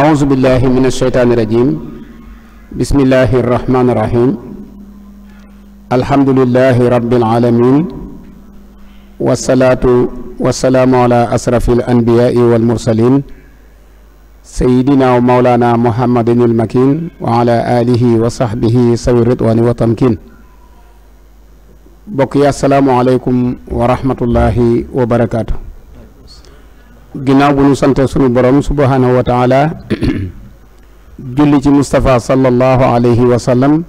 أعوذ بالله من الشيطان الرجيم بسم الله الرحمن الرحيم الحمد لله رب العالمين والصلاة والسلام على أشرف الأنبياء والمرسلين سيدنا ومولانا محمد المكين وعلى آله وصحبه سوي الرضوان والتمكين بقي السلام عليكم ورحمة الله وبركاته ginnaaw bu ñu sante suñu borom subhaanahu wa taala julli ci Moustapha sallallahu alayhi wa sallam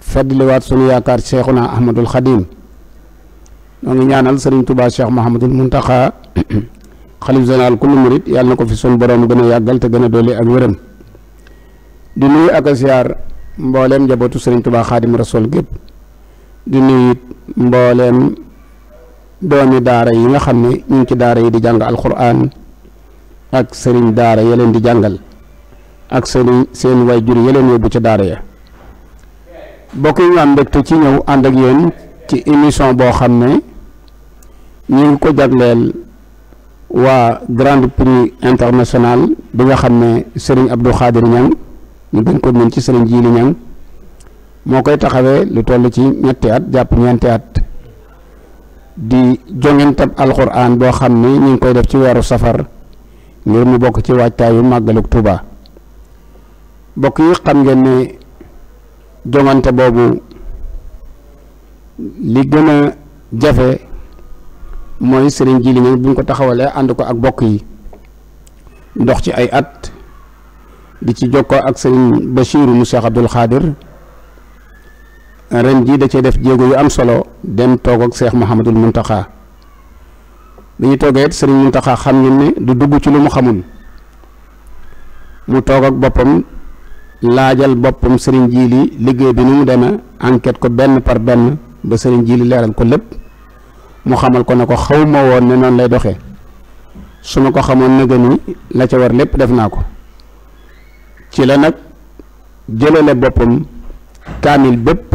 feddliwaat sunu yaakaar cheikhuna ahmadul xadim ñoo ngi ñaanal sëriñ tubaa cheikh mahamadul muntaxa xalif général kullu murit yàlla na ko fi sunu borom gën a yàggal te gën a doole ak wéram di nuyu ak a siyaar mbooleem njabootu sëriñ tubaa xaadim rasul gépp di nuyu mbooleem doomi daara yi nga xam ne ñu ngi ci daara yi di jàng alquran ak sëriñ daara ya di jàngal ak seen seen waajur ya leen yóbbu ca daara ya bokk yi ñu am mbégte ci ñëw ànd ak yéen ci émission boo xam ne ñu ngi ko jagleel waa Grand Prix international bi nga xam ne sëriñ Abdou Khadir Niang ñu gën ko mën ci sëriñ Jili Niang moo koy taxawee lu toll ci ñetti at jàpp ñeenti at di jongantab alxuraan boo xam ni ñu ngi koy def ci weeru safar ngir mu bokk ci waajtaayu màggalug Tuuba bokk yi xam ngeen ne jongante boobu li gën a jafe mooy sëriñ ji li ñang ko taxawalee ànd ko ak bokk yi ndox ci ay at di ci jokkoo ak sëriñ Bachiru mu Cheikh Abdul Xaadir ren jii da cee def jéego yu am solo dem toog ak seex Muhammadul Muntaxa bi ñu toogee it sëriñ Muntaxa xam ngeen ne du dugg ci lu mu xamul mu toog ak boppam laajal boppam sëriñ Jiili liggéey bi ni mu demee enquête ko benn par benn ba sëriñ Jiili leeral ko lépp mu xamal ko na ko xaw ma woon ne noonu lay doxe su ma ko xamoon na gëni la ca war lépp def naa ko ci la nag jëlale boppam kaamil bépp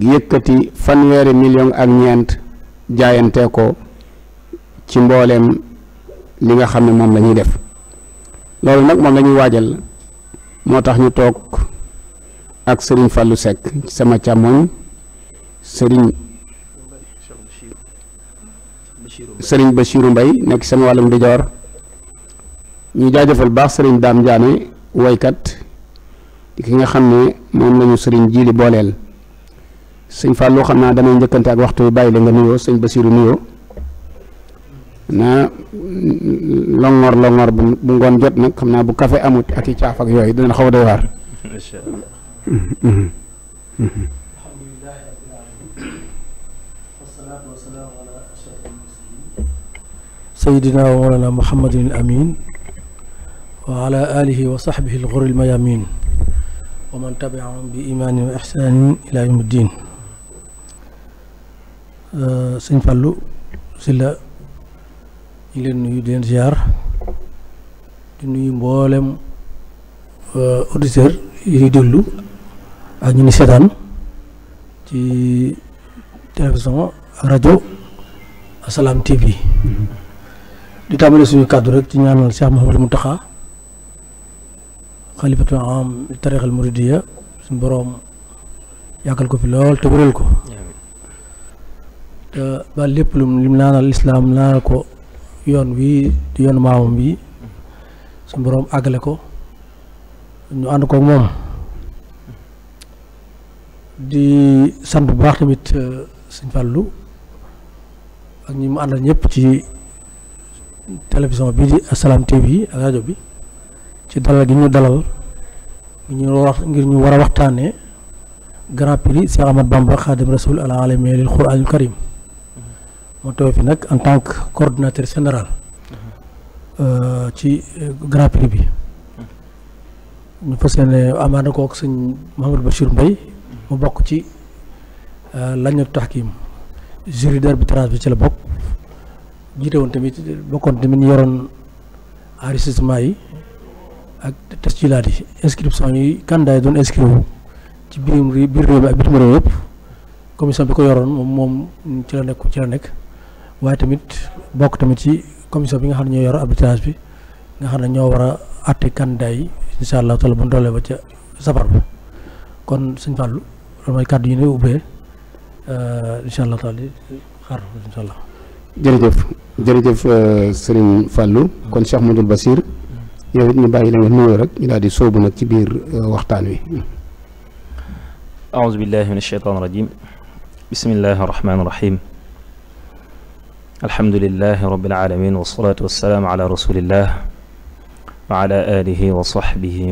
yëkkati fanweeri million ak ñeent jaayante ko ci mbooleem li nga xam ne moom lañuy def loolu nag moom lañuy waajal moo tax ñu toog ak sëriñ Fallou Seck sama càmmoñ sëriñ sëriñ Bachirou mbay nekk sama wàllum ndijoor ñu jaajëfal baax sëriñ Dame Diané woykat ki nga xam ne moom lañu sëriñ Jili booleel sëñ Fallou xam naa damay njëkkante ak waxtu bàyyi la nga nuyoo sëñ Basiru nuyoo naa longoor longoor bu ngoon jot nag xam naa bu café amut ak i caaf ak yooyu dina xaw a waar sayyidina wa mawlana muhammadin al amin wa ala al ghurri al mayamin wa man tabi'ahum bi imanin wa ihsanin ila yawmi ddin suñ euh, sëñ Fallou la ñu leen nuyu di leen ziar di nuyu mboolem euh, auditeur yi ñuy déglu ak ñu ni seetaan ci télévision ak rajo Assalaamy TV di tàmbale suñu kàddu rek ci ñaanal Cheikh Mouhamadou Mountakha xalifatu am tarixal muridiya suñu boroom yàggal ko fi lool te wéral ko ba lépp lum lim naanal lislaam naanal ko yoon wi di yoon maamam bi su boroom àggale ko ñu ànd ko moom di sant bu baax tamit euh, sëñ Fallou ak ñi mu àndal ñëpp ci télévision bi di Assalaamy TV ak rajo bi ci dalal gi ñu dalal ñu wax ngir ñu war a waxtaanee Grand Prix Cheikh Ahmadou Bamba Khadim Rasoul ala alamee Karim moo teew fi nag en tant que coordinateur général uh-huh. uh, ci uh, grand prix bi uh-huh. ñu fas yéene amaana kooku sëñ Mouhamadou Bachir mbay mu bokk ci uh, lañu taxkim jury d'arbitrage bi ci la bokk jiite woon tamit bokkoon tamit ñu yoroon enregistrement yi ak test ci laat yi inscription yi candidat doon inscrire ci biir biir réew mi ak bitim réew yëpp commission bi ko yoroon moom moom ci la nekk ci la nekk waaye tamit bokk tamit ci commission bi nga xam ne ñoo yor arbitrage bi nga xam ne ñoo war a àtte candidat yi allah taala bu ñu doolee ba ca safar ba kon sëñ Fallou loolu kàddu yi ñu ubbee euh, incha jërëjëf jërëjëf euh, Serigne Fallou hmm. kon Cheikh Madoul Basir hmm. yow it ñu bàyyi la nga nuyoo rek ñu daal di sóobu nag ci biir euh, waxtaan wi. aouzu billahi min ashaytaan rajim bismillahi rahmaani rahim. alhamdulilahi rabilalamin wasalatu wasalaamu ala rasulillah wa wa sahbihi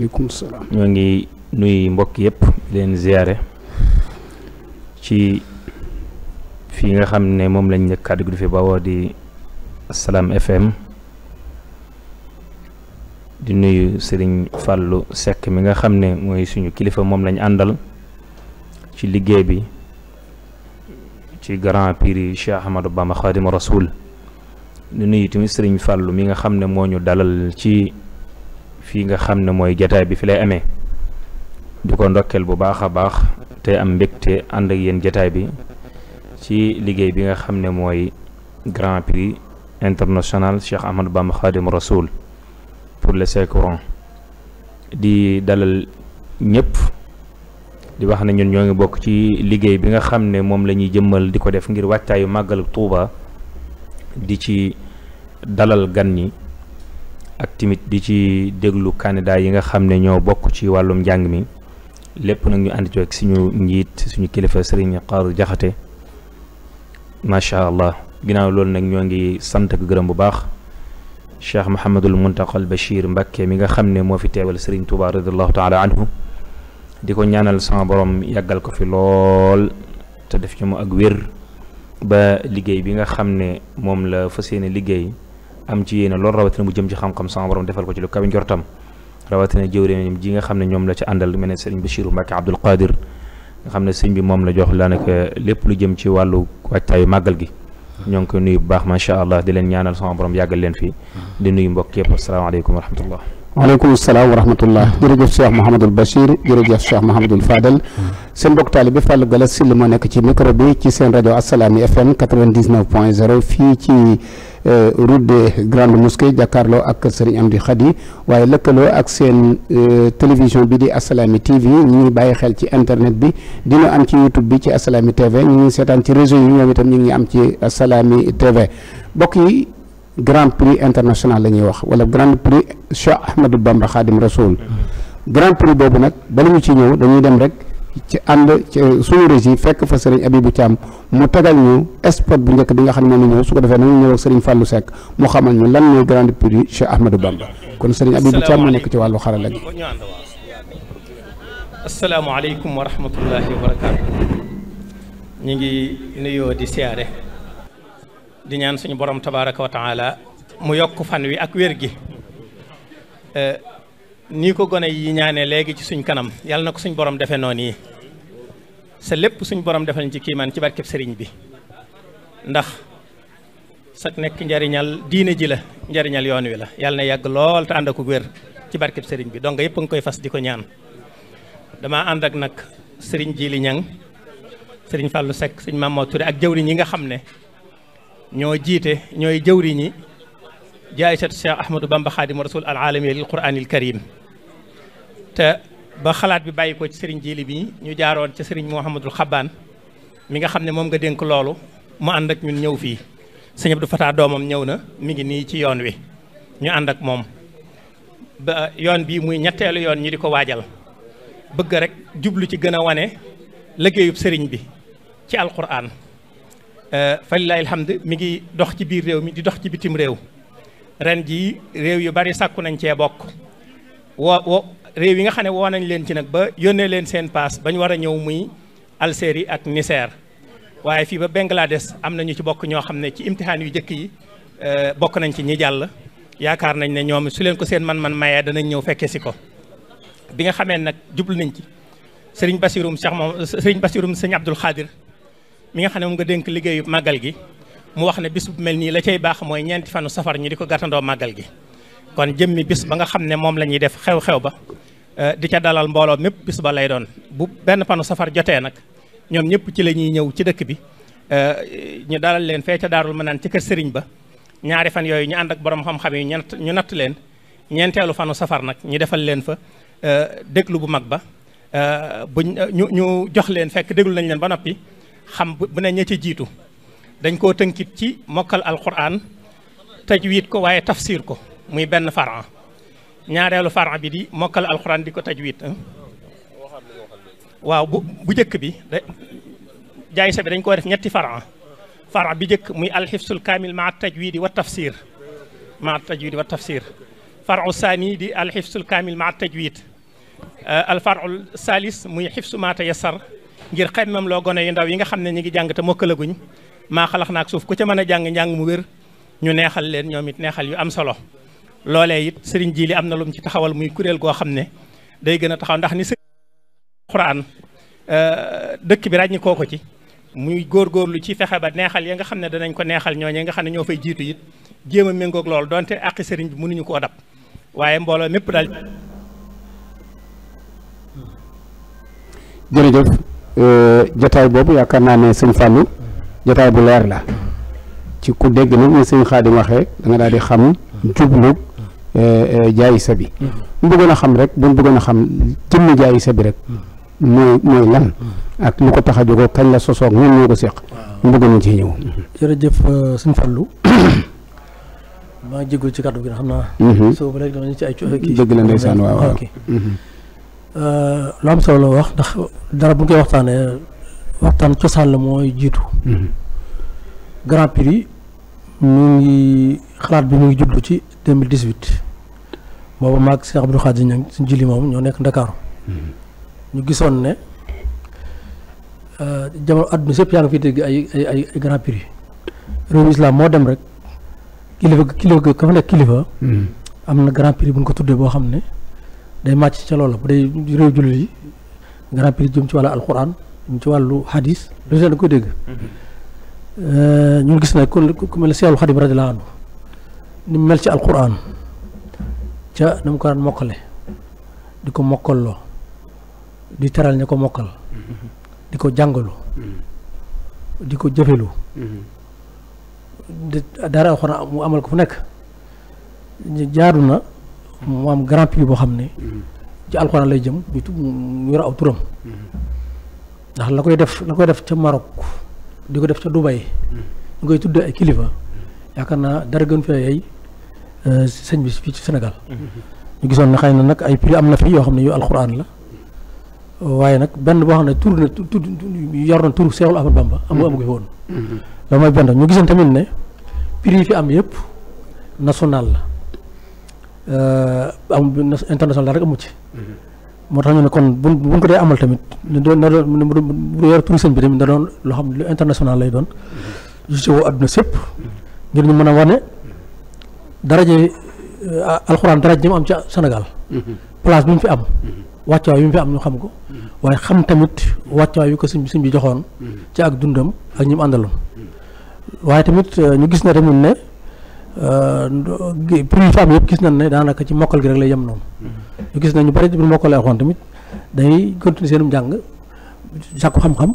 ñoo ngi nuy mbokk yëpp leen ziyaare ci fii nga xam ne moom lañ nekk kàddu gi du fi bawoo di Salam FM di nuyu Sëriñ Fàllu Sekk mi nga xam ne mooy suñu kilifa moom lañ àndal ci liggéey bi ci grand prix Cheikh Ahmadou Bamba Xaadimu Rasuul di nuyu tamit sëriñ Fàllu mi nga xam ne moo ñu dalal ci fii nga xam ne mooy jataay bi fi lay amee di ko ndokkeel bu baax a baax te am mbégte ànd ak yéen jataay bi ci liggéey bi nga xam ne mooy grand prix international Cheikh Ahmadou Bamba Xaadimu Rasuul pour le Saint-Coran di dalal ñëpp di wax nañu ñun ñoo ngi bokk ci liggéey bi nga xam ne moom la ñuy jëmmal di ko def ngir wàccaayu màggalu Tuuba di ci dalal gan ñi ak timit di ci déglu candidat yi nga xam ne ñoo bokk ci wàllum njàng mi lépp nag ñu ànd ci ak suñu njiit suñu kilifa sëriñ Xaaru Jaxate macha allah ginnaaw loolu nag ñoo ngi sant ak gërëm bu baax Cheikh Mouhamadul Muntaqa al Bachir Mbacké mi nga xam ne moo fi teewal sëriñ Touba radiallahu taala anhu di ko ñaanal sama borom yàggal ko fi lool te def ci mu ak wér ba liggéey bi nga xam ne moom la fas yéene liggéey am ci yéene loolu rawatina mu jëm ci xam-xam sama borom defal ko ci lu kawe njortam rawatina jëwriñam ji nga xam ne ñoom la ci àndal mel ne sëriñ Bachiru Mbacke Abdul Qadir nga xam ne sëñ bi moom la jox daanaka lépp lu jëm ci wàllu waajtaayu màggal gi ñoo ngi koy nuyu bu baax macha allah di leen ñaanal sama borom yàggal leen fii di nuyu mbokk yëpp asalaamaaleykum wa waaleykum salaam wa rahmatullah jërëjëf Cheikh Mouhamadul Bachir jërëjëf Cheikh Mouhamadul Fadel seen mbokk taalibe bi Fallou Galass Syll moo nekk ci micro bi ci seen rajo Assalaamy FM 99.0 fii ci euh, route des grandes mosquées jàkkaarloo ak Serigne Amdi Khady waaye lëkkaloo ak seen euh, télévision bi di Assalaamy TV ñu ngi bàyyi xel ci internet bi dina am ci YouTube bi ci Assalaamy TV ñu ngi seetaan ci réseau yi ñoom itam ñu ngi am ci Assalaamy TV mbokk yi. grand prix international la ñuy wax wala grand prix Cheikh Ahmadou Bamba Khadim Rasoul grand prix boobu nag bala ñu ci ñëw dañuy dem rek ci ànd ci suñu régie fekk fa sëriñ Abibou Thiam mu tagal ñu sport bu njëkk bi nga xam ne moom la ñëw su ko defee nañu ñëw ak sëriñ Fallou Seck mu xamal ñu lan mooy grand prix Cheikh Ahmadou Bamba kon sëriñ Abibou Thiam mu nekk ci wàllu xarala gi. asalaamaaleykum wa rahmatullahi wa barakaatu. ñu di ñaan suñu borom tabaraka wa taala mu yokk fan wi ak wér gi eh, nii ko gone yi ñaanee léegi ci suñ kanam yàlla na ko suñ borom defee noonu yi sa lépp suñ borom defal ñu ci kiimaan ci barkeb sëriñ bi ndax sak nekk njariñal diine ji la njariñal yoon wi la yàlla na yàgg lool te ànd ak wér ci barkeb sëriñ bi donc yëpp nga koy fas di ko ñaan damaa ànd ak nag sëriñ Jili Ñang sëriñ Fallou Seck sëriñ Mamadou Touré ak jëwriñ yi nga xam ne ñoo jiite ñooy jëwriñi jaaysatu Cheikh Ahmadou Bamba Xaadimu Rasuul al aalamiya lil Quraanil Kariim te ba xalaat bi bàyyi ko ci sëriñ Jili bi ñu jaaroon ci sëriñ Mouhamadul Xabaan mi nga xam ne moom nga dénk loolu mu ànd ak ñun ñëw fii sëñ du Fatah doomam ñëw na mi ngi nii ci yoon wi ñu ànd ak moom ba yoon bii muy ñetteelu yoon ñu di ko waajal bëgg rek jublu ci gën a wane liggéeyub sëriñ bi ci alquran Euh, falilahi alhamd mi ngi dox ci biir réew mi di dox ci bitim réew ren ji réew yu bari sàkku nañ cee bokk woo woo réew yi nga xam ne woo nañ leen ci nag ba yónnee leen seen paas ba ñu war a ñëw muy Algérie ak Niger waaye fii ba Bangladesh am na ñu ci bokk ñoo xam ne ci imtihaan yu njëkk yi euh, bokk nañ ci ñi jàll yaakaar nañ ne ñoom su leen ko seen man-man mayee danañ ñëw fekke si ko bi nga xamee nag jublu nañ ci sëriñ basirum Cheikh moom sëriñ basirum sëñ Abdul Xaadir mi nga xam ne moom nga dénk liggéeyu màggal gi mu wax ne bis bu mel nii la cay baax mooy ñeenti fanu safar ñu di ko gàttandoo màggal gi kon jëmmi bis ba nga xam ne moom la ñuy def xew-xew ba eh, di ca dalal mbooloo mépp bis ba lay doon bu benn fanu safar jotee nag ñoom ñëpp ci la ñuy ñëw ci dëkk bi eh, ñu dalal leen fee ca daarul manaan ci kër sëriñ ba ñaari fan yooyu ñu ànd ak boroom xam-xam yi ñu natt leen ñeenteelu fanu safar nag ñu defal leen fa eh, déglu bu mag ba buñ ñu ñu jox leen fekk déglu nañ leen ba noppi xam bu ne ña jiitu dañ koo tënkit ci mokkal alquran tajwid ko waaye tafsir ko muy benn faran ñaareelu faran bi di mokkal alquran di ko tajwid waaw bu bu njëkk bi da jaay dañ ko def ñetti faran faran bi muy alxifsul kaamil maa tajwidi wa tafsir maa tajwidi di alxifsul kaamil maa tajwid euh, alfaru salis muy xifsu maa tayassar ngir xemmam loo gone yu ndaw yi nga xam ne ñu ngi jàng te mokkalaguñ maa naak suuf ku ca mën a jàng njàng mu wér ñu neexal leen ñoom it neexal yu am solo loolee it sëriñ jii li am na lu mu ci taxawal muy kuréel goo xam ne day gën a taxaw ndax ni sëriñ xuraan euh, bi ràññi koo ko ci muy góorgóorlu ci fexe ba neexal ya nga xam ne danañ ko neexal ñooñu nga xam ne ñoo fay jiitu it jéem a méngoog loolu donte àqi sëriñ bi mënuñu koo dab waaye mbooloo mépp daal Euh, jataay boobu yaakaar naa ne sëñ Fallou jataay bu leer la ci ku dégg nag ni sëñ Xaadim waxee da daal di xam jublu euh, euh, jaayisa bi mu bëggoon a xam rek bu mu bëggoon a xam jëmm jaayisa bi rek mooy mooy lan ak lu ko tax a jógoo kañ la sosoog ñun ñoo ko seq mu bëggoon ci ñëw jërëjëf sëñ Fallou maa ci kàddu gi xam naa soo ba léegi dama ñu ci Euh, lu am solo la wax ndax dara bu ñu koy waxtaanee waxtaan cosaan la mooy jiitu. Mhm. grand prix mu ngi xalaat bi mu ngi jublu ci deux mille dix huit booba maag Cheikh Abdou moom ñoo nekk Ndakaaru mhm. ñu gisoon ne euh, jamono adduna sépp yaa ngi fi dégg ay ay grand prix réewu islam moo dem rek kilifa kilifa ka fa nekk kilifa. Mhm. am na grand prix bu ñu ko tuddee boo xam ne. day màcc ca loola bu dee réew jullit yi grand prix jëm ci wàllu alquran jëm ci wàllu hadis lu seen da koy dégg euh, ñun gis na kon ku mel ne Seexul Xadim radiyallaahu anhu ci alquran ca na ko daan mokkale di ko mokkalloo di teral ña ko mokkal di ko jàngalu di ko jëfelu di daara mu amal ko fu nekk jaadu na mu am grand prix boo xam ne ci alxuraan lay jëm ñu tu mu aw turam ndax la koy def la koy def ca Maroc di ko def ca Dubai ñu koy tuddee ay kilifa yaakaar naa dara gën fee yey euh, sëñ bi fii ci Sénégal ñu gisoon na xëy na nag ay prix am na fi yoo xam ne yu alxuraan la waaye nag benn boo xam ne tur na tur yor na tur Seexul Ahmadu Bamba amu amu ko fi woon mm-hmm. loolu benn ñu gisoon tamit ne prix yi fi am yëpp national la Euh, am international rek amu ci. Mhm. moo tax ñu ne kon bu bu ko dee amal tamit ñu doon na doon bu yor bi tamit na doon loo xam lu international lay doon. yu mhm. ci woo adduna sépp mhm. ngir ñu mën a wane daraje euh, alxuraan daraje mu am ci Sénégal. place bi mu fi am. wàccuwaay bi mu fi am ñu xam ko. waaye xam tamit wàccuwaay yu ko sëñ bi sëñ bi joxoon. ci ak dundam ak ñi mu àndaloon. waaye tamit euh, ñu gis ne tamit ne. Euh, prix femmes yëpp gis na ne daanaka ci mokkal gi rek lay yem noonu. Hmm. ñu gis nañu bari bu mokkal alxuraan tamit day continuer seenum jàng sàkku xam-xam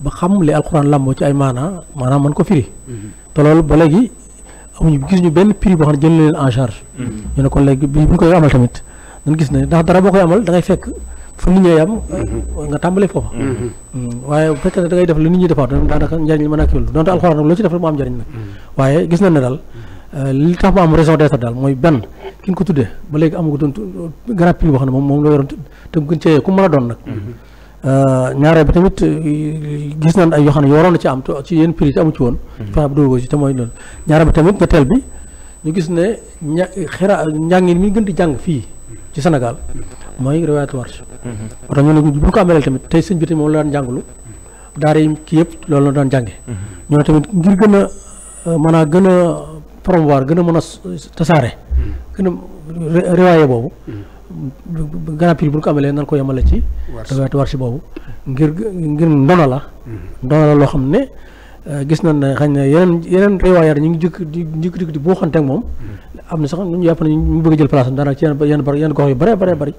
ba xam li alxuraan làmboo ci ay maanaa maanaam mën ko firi. Hmm. te loolu ba léegi amuñu gis ñu benn prix boo xam ne jël leen en charge. Hmm. ñu ne kon léegi bu ñu koy amal tamit dañ gis ne ndax dara boo koy amal da ngay fekk fu nit ñi yam nga tàmbalee foofa. waaye bu fekkee ne da ngay def lu nit ñi defaat daanaka njëriñ a waaye gis nañ ne daal. Euh, li tax mu am raison d'être daal mooy benn ki ñu ko tuddee ba léegi amagu doon grand prix boo xam ne moom moom yoroon te mu gën cee ku mën a doon nag. Mhm. Euh, ñaareel bi tamit euh, gis nañ ay yoo xam ne yoroon na ci am ci yenn prix te amu ci woon. Mhm. fexe bu dugg ko ci bi tamit ñetteel bi gis ne ña xira njàngin mi gën di jàng fii ci Sénégal mooy réwayaatu Warsh. parce mhm. que ñu ne bu ko amee tamit tey sëñ bi tamit moom la daan jàngalu daara yi kii yëpp loolu la daan jàngee. ñoo tamit ngir gën a mën a gën a. promouvoir gën a mën a tasaare gën a riwaaye boobu Grand Prix bu ñu ko amalee nan ko yemale ci waatu war boobu ngir ngir ndona la ndona la loo xam ne euh, gis na ne xañ na yeneen yeneen riwaayaat ñu ngi jëkk di jëkk di buuxante ak moom am na sax ñu yàpp ne ñu bëgg a jël place daanaka ci yenn yenn gox yu bare bare bëri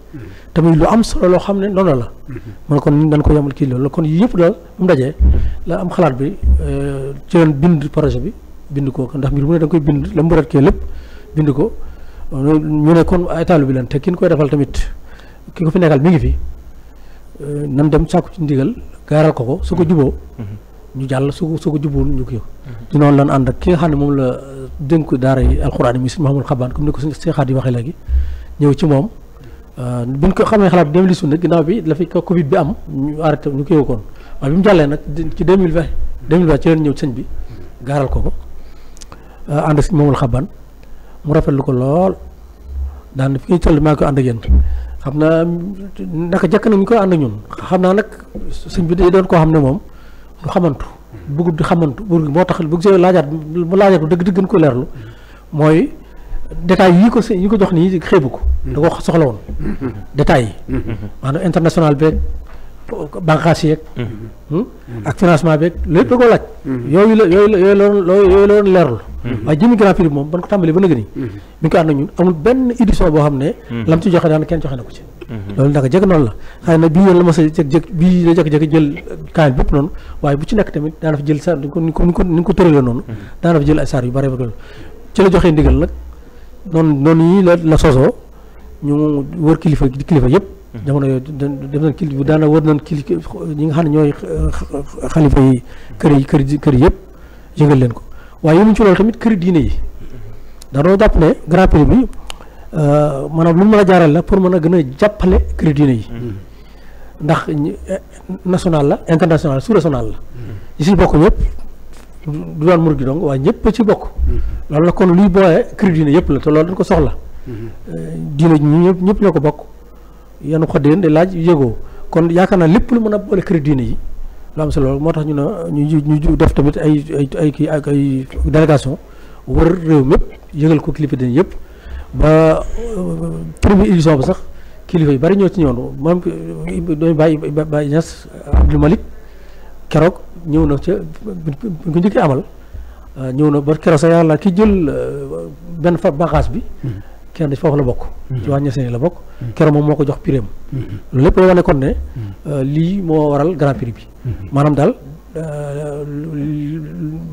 tamit lu am solo loo xam ne ndona la man kon dañ ko yemal kii loolu kon yëpp daal mu dajee la am xalaat bi euh, ci leen bind projet bi bind ko ndax mbir mu ne da koy bind la mu war a lépp bind ko ñu ne kon ay bi lan te kin koy defal tamit ki ko fi nekkal mi ngi fi euh, nan dem sàkku ci ndigal gaaral ko ko su ko juboo ñu jàll su ko su ko jubul mhm. noonu lan ànd ak ki nga xam ne moom la dénk daara yi alxuraan yi muy sëñ Mahamadou Xabaan comme ko sëñ Xaat yi waxee léegi ñëw ci moom euh, biñ ko xamee xalaat bi dem li sunna bi la fi am ñu arrêté ñu kii woon waaye bi mu jàllee nag ci 2020 2020 ci leen ñëw sëñ bi gaaral ko ko Euh, ànd si moomul xaban mu rafet lu ko lool daan fi tëll maa ko ànd ak yéen xam jëkk nañu koy ànd ñun xam naa nag sëñ bi dee doon koo xam ne moom du xamantu bëggu di xamantu bëgg moo tax bu gisee laajaat mu laajaat bu dëgg dëgg gën ko leerlu mooy détails yi ko yi ko jox nii xeebu ko da ko soxla woon mm-hmm. détails yi mm-hmm. maanaam international beeg banqaas yeeg hmm? Hmm? ak financement beeg lépp da koo laaj yooyu hmm. la yooyu la yooyu la yooyu la doon leerlu waaye jëmi grand prix moom ban ko tàmbalee ba nëgë nii bi ñu ko ànd ñun amul benn édition boo xam ne lam ci joxe daan kenn joxe na ko ci loolu naka jëkk noonu la xëy na bii yoon la ma sa jëkk jëkk bii la jëkk-jëkk jël kaamil bépp noonu waaye bu ci nekk tamit daana fa jël saar ni ko ni ko ni ko tëralee noonu daana fa jël ay saar yu bare bare ci la joxee ndigal nag noonu noonu yi la la sosoo ñu wër kilifa kilifa yëpp jamono yooyu dem nañ kilifa daana war nañ kilifa ñi nga xam ne ñooy xalifa yi kër yi kër kër yëpp yëgal leen ko waaye yemuñ ci loolu yi dañoo jàpp ne grand bi euh, maanaam lu mu mën la pour mën a gën a jàppale kër diine yi ndax eh, national la international sous-national la ñi si bokk ñëpp du doon mur dong waaye ñëpp ci bokk loolu la kon luy boolee kër diine yëpp la te loolu dañ ko soxla mm-hmm. euh, diine ñi ñëpp ñëpp ñoo ko bokk yanu xoddeen di laaj yëgoo kon yaakaar naa lépp lu mën a boole kër diine yi lu am solo moo tax ñu ne ñu ñu def tamit ay ay ay kii ak ay délégation wër réew mépp yëgal ko kilifa diine yëpp ba euh, première édition bi sax kilifa yu bari ñoo ci ñëwoon moom bàyyi Baye Baye Niass Abdou Malick keroog ñëw na ca bu ko njëkkee amal euh, ñëw na ba keroog sax yàlla ki jël euh, benn fa bagaas bi hmm. kenn foofu la bokk. Mm-hmm. ci wàññi seen la bokk. Mm-hmm. keroog moom moo ko jox prix am. Mm-hmm. loolu lépp lay wane kon ne. Euh, lii moo waral grand prix bi. maanaam daal euh,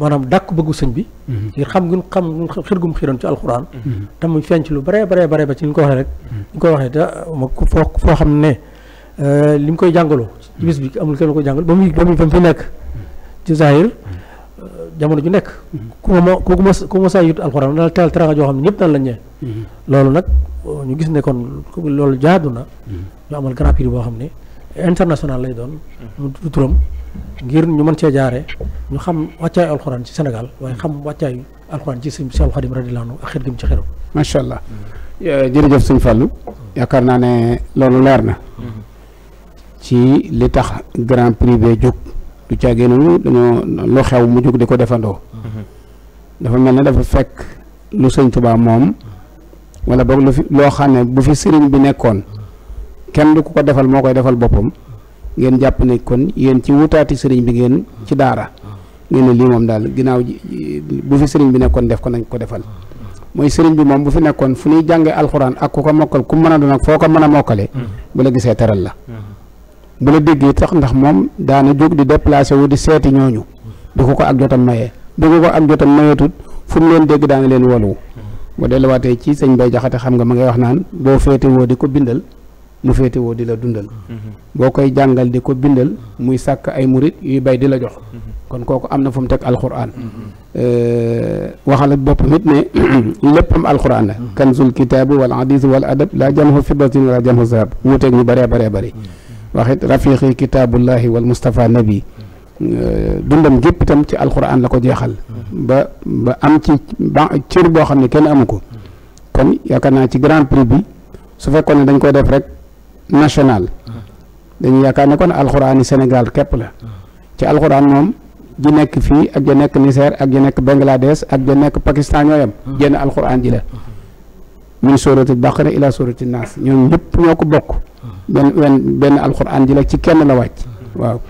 maanaam dàkk bëggu sëñ bi. xam ngeen xam xir gum xiroon ci alxuraan. te mu lu bare bare ba ci ni ko waxee rek. ni ko waxee te foo foo ne euh, li mu koy jàngaloo. ci bis bi amul kenn ko jàngal ba muy ba muy fi nekk. ci zahir jamono ju nekk. ku ma ku ma ku ma saa yut alxuraan daal teel teraanga joo xam ne ñëpp daal lañ ñëwee. Mm-hmm. loolu nag ñu gis ne kon loolu jaadu na. Mm-hmm. ñu amal grand prix boo xam ne international lay doon. du turam ngir ñu mën cee jaaree ñu xam wàccaayu alxuraan ci Sénégal waaye xam wàccaayu alxuraan ci sëñ Seexul Xadim radiyallaahu anhu ak xet gi mu ci xeram. macha allah jërëjëf sëñ Fallou. yaakaar naa ne loolu leer na. Mm-hmm. ci li tax grand prix bee jóg. du caagee nañu dañoo lu xew mu jóg di ko defandoo dafa mel ne dafa fekk lu sëñ Tuubaa moom wala boog lu fi loo xam ne bu fi sëriñ bi nekkoon kenn du ko defal moo koy defal boppam ngeen jàpp ne kon yéen ci wutaati sëriñ bi ngeen ci daara ngeen ne lii daal ginnaaw bu fi sëriñ bi nekkoon def ko nañ ko defal mooy sëriñ bi moom bu fi nekkoon fu ñuy jàngee alxuraan ak ku ko mokkal ku mën a doon ak foo ko mën a mokkale bu la gisee teral la bu la déggee tax ndax moom daana jóg di déplacé wu di seeti ñooñu du ko ko ak jotam mayee du ko ko ak jotam mayetut fu mu leen dégg daana leen woluwu bu delluwaatee ci sañ Bay Jaxate xam nga ma ngay wax naan boo féetewoo di ko bindal mu woo di la dundal mm-hmm. boo koy jàngal di ko bindal muy sàkk ay murit yuy bay di la jox mm-hmm. kon kooku am na fu mu teg alxuraan mm-hmm. euh, waxal ak boppam it ne léppam alxuraan la kanzul kitaabu wal hadis wal adab laa jamhu fiddatin wala ñu bëree bëree bëri waxit rafiqi kitaabullahi wal Moustapha nabi euh, dundam gépp itam ci alxuraan la ko jeexal ba ba am ci ba cër boo xam ne kenn amu ko kon yaakaar naa ci grand prix bi su fekkoon ne dañ koy def rek national dañu yaakaar ne kon alxuraan yi senegal képp la ci alxuraan moom ji nekk fii ak ja nekk Niger ak ja nekk Bangladesh ak ja nekk Pakistan ñooyam jenn alxuraan ji la min sóoratul baqara ila sóoratul naas ñoom ñëpp ñoo ko bokk benn wenn benn alxuraan ji la ci kenn la wàcc waaw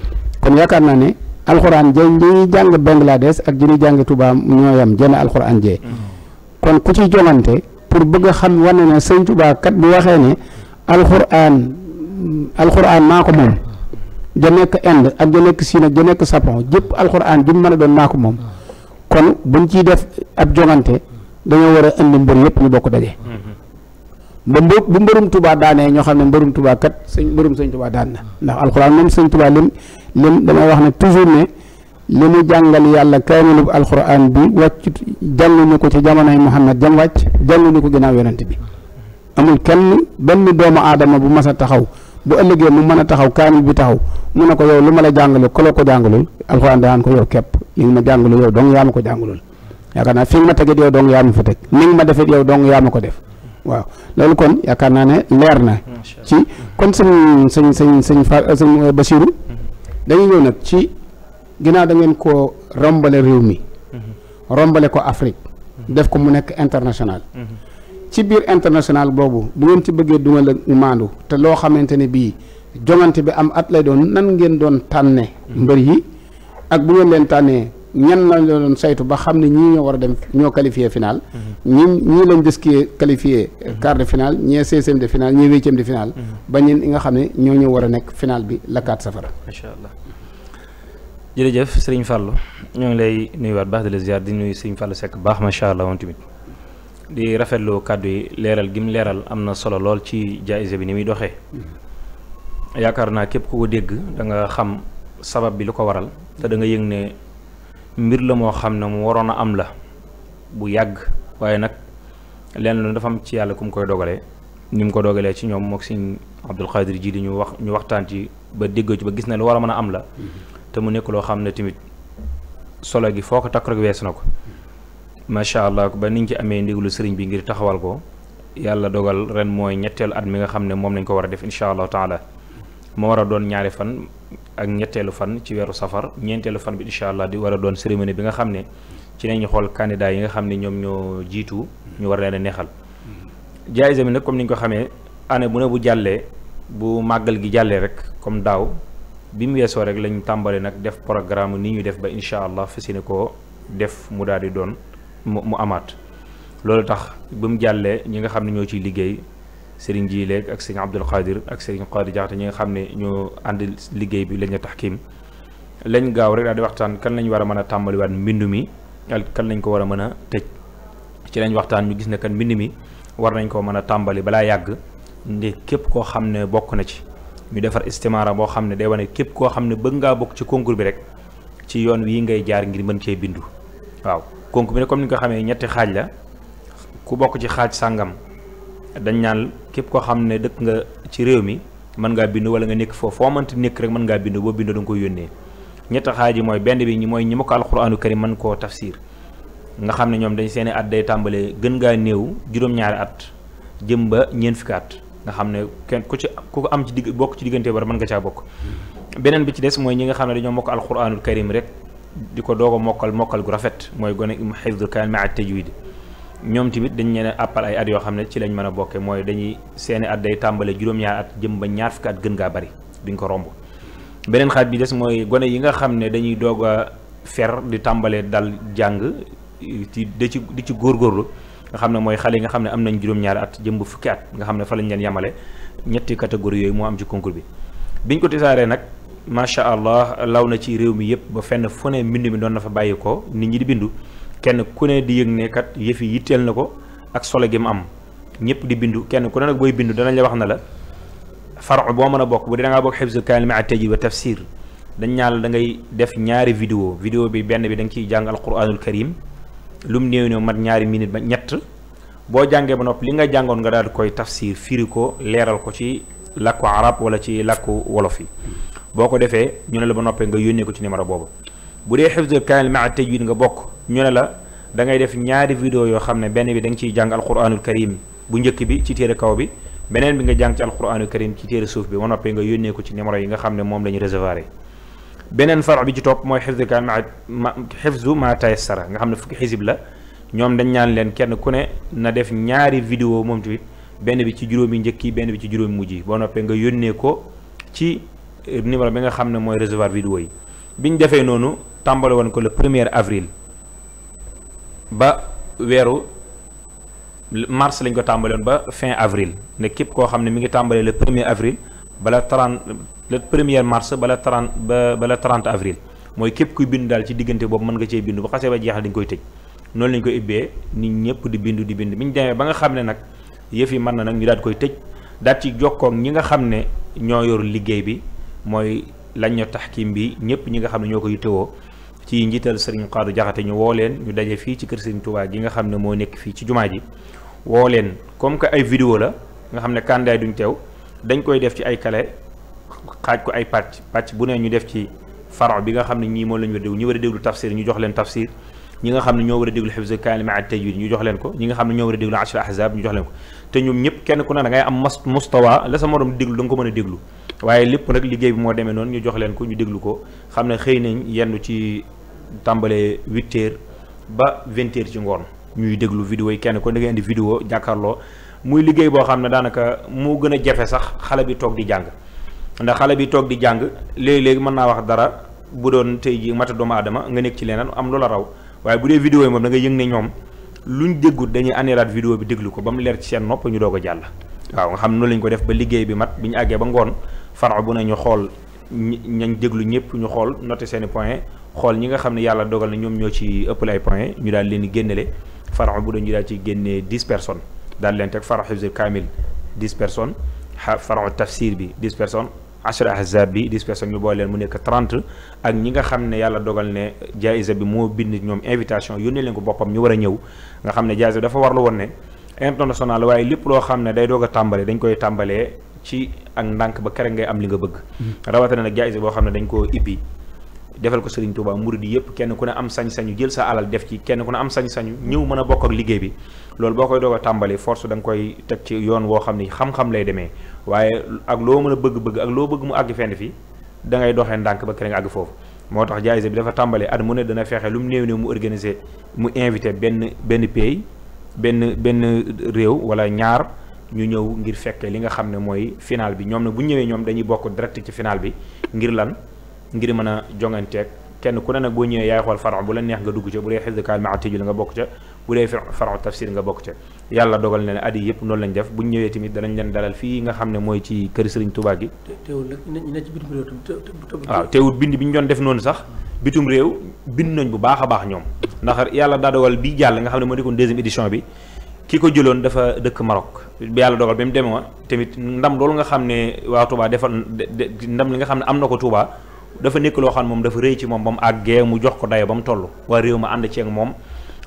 kon yaakaar naa ne alxuraan jee ñuy jàng Bangladesh ak ji ñuy jàng Touba ñoo yam jenn alxuraan jee mm-hmm. kon ku ci jongante pour bëgg a xam wane ne sëñ Touba kat bu waxee ne alxuraan alxuraan maa ko moom ja nekk Inde ak ja nekk Chine ak nekk Japon jëpp alxuraan ju mën a doon maa ko moom mm-hmm. kon buñ ci def ab jongante dañoo war a indi mbir yëpp ñu bokk daje mm-hmm. ba mbë bu mbërum tubaa daanee ñoo xam ne mbërum tubaa kat sëñ mbërum sëñ tubaa daan na ndax alxuraan moom sëñ tubaa lim lim damay wax ne toujours ne li mu jàngal yàlla kaamilub alxuraan bi wàccut jànguñu ko ci jamonoy Muhammad jam wàcc jànguñu ko ginnaaw yonent bi amul kenn benn doomu aadama bu mas a taxaw bu ëllëgee mu a taxaw kaamil bi taxaw mu ko yow lu ma la jàngalu ko la ko jàngalul alxuraan ko yow képp li nga ma jàngalu yow yaa ma ko jàngalul yaakaar naa fi nga ma tegit yow dong yaa ma fa teg ni nga ma defit yow dong ko def waaw loolu kon yaakaar naa ne leer na ci kon sëñ sëñ sëñ sëñ fa sëñ euh, Basiru mhm. dañu ci ginnaaw da ngeen ko rombale réew mi mhm. rombale ko Afrique mhm. def ko mu nekk international ci biir international boobu bu ngeen ci bëggee dugal ak maandu te loo xamante ne bii jongante bi am at lay doon nan ngeen doon tànnee mbër yi ak bu ngeen leen tànnee ñan lañ la doon saytu ba xam ne ñi ñoo war a dem ñoo qualifié final. ñi ñii lañ des kii qualifié quart de finale ñee seizième de finale ñee huitième de finale. ba ñeen nga xam ne ñoo ñu war a nekk final bi la quatre safara. macha allah jërëjëf Serigne Fallou ñoo ngi lay nuyuwaat baax di la ziar di nuyu Serigne Fallou Seck baax macha allah woon tamit di rafetlu kàddu yi leeral gi mu leeral am na solo lool ci jaayise bi ni muy doxee. yaakaar naa képp ku ko dégg danga xam sabab bi lu ko waral mbir la moo xam ne mu waroon a am la bu yàgg waaye nag lenn lu dafa am ci yàlla ku mu koy dogalee ni mu ko dogalee ci ñoom mook Sëriñ Abdul Xaadir ji li ñu wax ñu waxtaan ci ba déggoo ci ba gis na lu war a mën a am la mm-hmm. te mu nekk loo xam ne tamit solo gi foo ko takk rek weesu na ko macha allah ba niñ ci amee ndigalu sëriñ bi ngir taxawal ko yàlla dogal ren mooy ñetteel at mi nga xam ne moom lañ ko war a def incha allahu taala moo war a doon ñaari fan ak ñetteelu fan ci weeru safar ñeenteelu fan bi incha allah di war a doon cérémonie bi nga xam ne ci nañu xool candidat yi nga xam ne ñoom ñoo jiitu ñu war leen a neexal jaayisa bi nag comme ni nga ko xamee année bu ne bu jàllee bu màggal gi jàllee rek comme daaw bi mu weesoo rek lañ tàmbale nag def programme ni ñu def ba incha allah fas yéene koo def mu daal di doon mu amaat loolu tax bi mu jàllee ñi nga xam ne ñoo ciy liggéey sëriñ Jileek ak sëriñ Abdul Qadir ak sëriñ Qadir Jaxate ñi nga xam ne ñoo ànd liggéey bi lañu taxkim lañ gaaw rek daal waxtaan kan lañ war a mën a tàmbaliwaat mbindu mi ak kan lañ ko war a mën a tëj ci lañ waxtaan ñu gis ne kan mbind mi war nañ koo mën a tàmbali balaa yàgg ndi képp koo xam ne bokk na ci ñu defar istimaara boo xam ne day war wane képp koo xam ne bëgg ngaa bokk ci concours bi rek ci yoon wii ngay jaar ngir mën cee bindu waaw concours bi ne comme ni nga ko xamee ñetti xaaj la ku bokk ci xaaj sàngam dañ ñaan képp koo xam ne dëkk nga ci réew mi mën ngaa bind wala nga nekk foofu foo mënti rek mën ngaa bind boo bind da nga koy yónnee ñetti xaaj yi mooy benn bi ñi mooy ñi ma ko alxuraanu karim mën koo tafsir nga xam ne ñoom dañ seen at day tàmbalee gën ngaa néew juróom at jëm ba ñeent fukki nga xam ne kenn ku ci ku am ci digg bokk ci diggante war mën nga caa bokk beneen bi ci des mooy ñi nga xam ne dañoo mokk alxuraanul karim rek di ko doog mokkal mokkal gu rafet mooy gone xifdul te maa tajwid ñoom tamit dañ leen a àppal ay at yoo xam ne ci lañ mën a bokkee mooy dañuy seeni at day tàmbalee juróom-ñaar at jëm ba ñaar fukki at gën gaa bari duñ ko romb beneen xaaj bi des mooy gone yi nga xam ne dañuy doog a fer di tàmbale dal jàng ci di ci di ci góorgóorlu xam ne mooy xale yi nga xam ne am nañ juróom ñaar at jëm ba fukki at nga xam ne fa lañ leen yemale ñetti catégorie yooyu moo am ci concours bi biñ ko tisaaree nag macha allah law na ci réew mi yëpp ba fenn fu ne mbind mi doon na fa bàyyi ko nit ñi di bindu kenn ku ne di yëg ne kat yëf yi yitteel na ko ak solo gi mu am ñëpp di bindu kenn ku ne nag booy bindu danañ la wax na la faru boo mën a bokk bu dee da ngaa bokk xibsu kalima at tajwid wa tafsir dañ ñaal da ngay def ñaari vidéo vidéo bi benn bi da nga ciy jàng alquranul karim lum néew néew mat ñaari minute ba ñett boo jàngee ba noppi li nga jàngoon nga daal koy tafsir firi ko leeral ko ci làkku arab wala ci làkku wolof yi boo ko defee ñu ne la ba noppee nga yónnee ko ci numéro boobu bu nga bokk ñu ne la da ngay def ñaari video yoo xam ne benn bi da nga ciy jàng alquranul karim bu njëkk bi ci téere kaw bi beneen bi nga jàng ci alquranul karim ci téere suuf bi ba noppee nga yónnee ko ci yi nga xam ne moom la ñu réservé beneen far bi ci topp mooy xifzu kan ma xifzu ma tayassara nga xam ne fukki xisib la ñoom dañ ñaan leen kenn ku ne na def ñaari vidéo moom tamit benn bi ci juróomi njëkk yi benn bi ci juróomi mujj yi boo noppee nga yónnee ko ci eh, numéro bi nga xam ne mooy réservoir vidéo yi biñ defee noonu tàmbale woon ko le première avril ba weeru mars lañ ko tàmbaloon ba fin avril ne képp koo xam ne mu ngi tàmbalee le premier avril bala 30 le premier mars la 30 ba bala 30 avril mooy képp kuy bind daal ci diggante boobu mën nga cee bind bu xasee ba jeexal dañ koy tëj noonu lañ ko ubbee nit ñëpp di bindu di bind bi ñu demee ba nga xam ne nag yëf yi man na nag ñu daal koy tëj daal ci jokkoog ñi nga xam ne ñoo yor liggéey bi mooy lañ ñoo taxkim bi ñëpp ñi nga xam ne ñoo ko yittewoo ci njiital sëriñ Qaadu Jaxate ñu woo leen ñu daje fii ci kër sëriñ Touba gi nga xam ne moo nekk fii ci jumaa ji woo leen comme que ay vidéo la nga xam ne kandaay duñ teew dañ koy def ci ay kale xaaj ko ay pàcc pàcc bu ne ñu def ci faro bi nga xam ne ñii moom la ñu war a déglu ñu war a déglu tafsir ñu jox leen tafsir ñi nga xam ne ñoo war a déglu xifzu kalima at tajwid ñu jox leen ko ñi nga xam ne ñoo war a déglu ashra ahzab ñu jox te ñoom ñëpp kenn ku ne da ngay am mas mustawa la sa morom déglu da nga ko mën a déglu waaye lépp nag liggéey bi moo demee noonu ñu jox leen ko ñu déglu ko xam ne xëy nañ yenn ci tàmbalee huit heures ba vingt ci ngoon ñuy déglu vidéo yi kenn ko da ngay indi vidéo jàkkaarloo muy liggéey boo xam ne daanaka moo gën a jafe sax xale bi toog di jàng ndax xale bi toog di jàng léegi-léegi mën naa wax dara bu doon tey ji mata doomu aadama nga nekk ci leneen am loola raw waaye bu dee vidéo yi moom da nga yëg ne ñoom lu ñu déggut dañuy anéraat vidéo bi déglu ko ba mu leer ci seen nopp ñu doog a jàll waaw xam noonu lañ ko def ba liggéey bi mat bi ñu àggee ba ngoon fara bu ne ñu xool ñañ déglu ñëpp ñu xool noté seeni point xool ñi nga xam ne yàlla dogal na ñoom ñoo ci ëppale ay point ñu daal leen di génnele fara bu ne ñu daal ci génnee 10 personnes daal leen teg fara xifzil kaamil 10 personnes fara tafsir bi 10 personnes ashra ahzab bi 10 personnes ñu boole leen mu nekk 30 ak ñi nga xam ne yàlla dogal ne jaayisa bi moo bind ñoom invitation yónnee leen ko boppam ñu war a ñëw nga xam ne jaayisa bi dafa warlu woon ne international waaye lépp loo xam ne day doog a tàmbale dañ koy tàmbalee ci ak ndànk ba kere ngay am li nga bëgg rawatina nag jaayise boo xam ne dañ koo ibbi defal ko Serigne Touba murid yi yëpp kenn ku ne am sañ-sañu jël sa alal def ci kenn ku ne am sañ-sañu ñëw mën a bokk ak liggéey bi loolu boo koy doog a tàmbali force danga koy teg ci yoon woo xam ni xam-xam lay demee waaye ak loo mën a bëgg-bëgg ak loo bëgg mu àgg fenn fi da ngay doxee ndànk ba kere nga àgg foofu moo tax jaayise bi dafa tàmbali at mu ne dana fexe lu mu néew néew mu organiser mu invité benn benn pays benn benn réew wala ñaar ñu ñëw ngir fekkee li nga xam ne mooy final bi ñoom ne bu ñëwee ñoom dañuy bokk direct ci final bi ngir lan ngir mën a jonganteeg kenn ku ne nag boo ñëwee yaay xool faron bu la neex nga dugg ca bu dee xisdu kaal maa tijul nga bokk ca bu dee faron bokk ca yàlla dogal na ne at yëpp noonu lañ def bu ñu ñëwee tamit danañ leen dalal fii nga xam ne mooy ci kër Sëriñ Tuubaa gi waaw teewul bind bi ñu doon def noonu sax bitum réew bind nañ bu baax a baax ñoom ndax yàlla daa dogal bi jàll nga xam ne moo nekkoon deuxième édition bi ki ko jëloon dafa dëkk Maroc bi yàlla dogal bi mu demee tamit ndam loolu nga xam ne waa Touba defal ndam li nga xam ne am na ko Touba dafa nekk loo xam ne moom dafa rëy ci moom ba mu àggee mu jox ko dayo ba mu toll waa réew ma ànd ceeg moom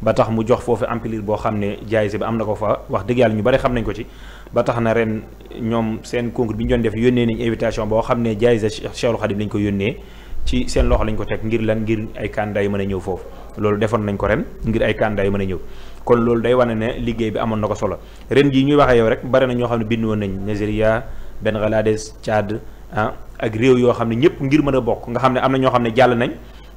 ba tax mu jox foofu ampilir boo xam ne jaayse bi am na ko fa wax dëgg ñu bari xam nañ ko ci ba tax na ren ñoom seen concours bi ñu doon def yónnee nañ invitation boo xam ne jaayse Cheikhul Khadim lañ ko yónnee ci seen loxo lañ ko teg ngir lan ngir ay candidat mën a ñëw foofu loolu defoon nañ ko ren ngir ay candidat yu mën a ñëw kon loolu day wane ne liggéey bi amoon na ko solo ren jii ñuy waxee yow rek bari na ñoo xam ne bind woon nañ Nigeria Bangladesh Tchad ah ak réew yoo xam ne ñëpp ngir mën a bokk nga xam ne am na ñoo xam ne jàll nañ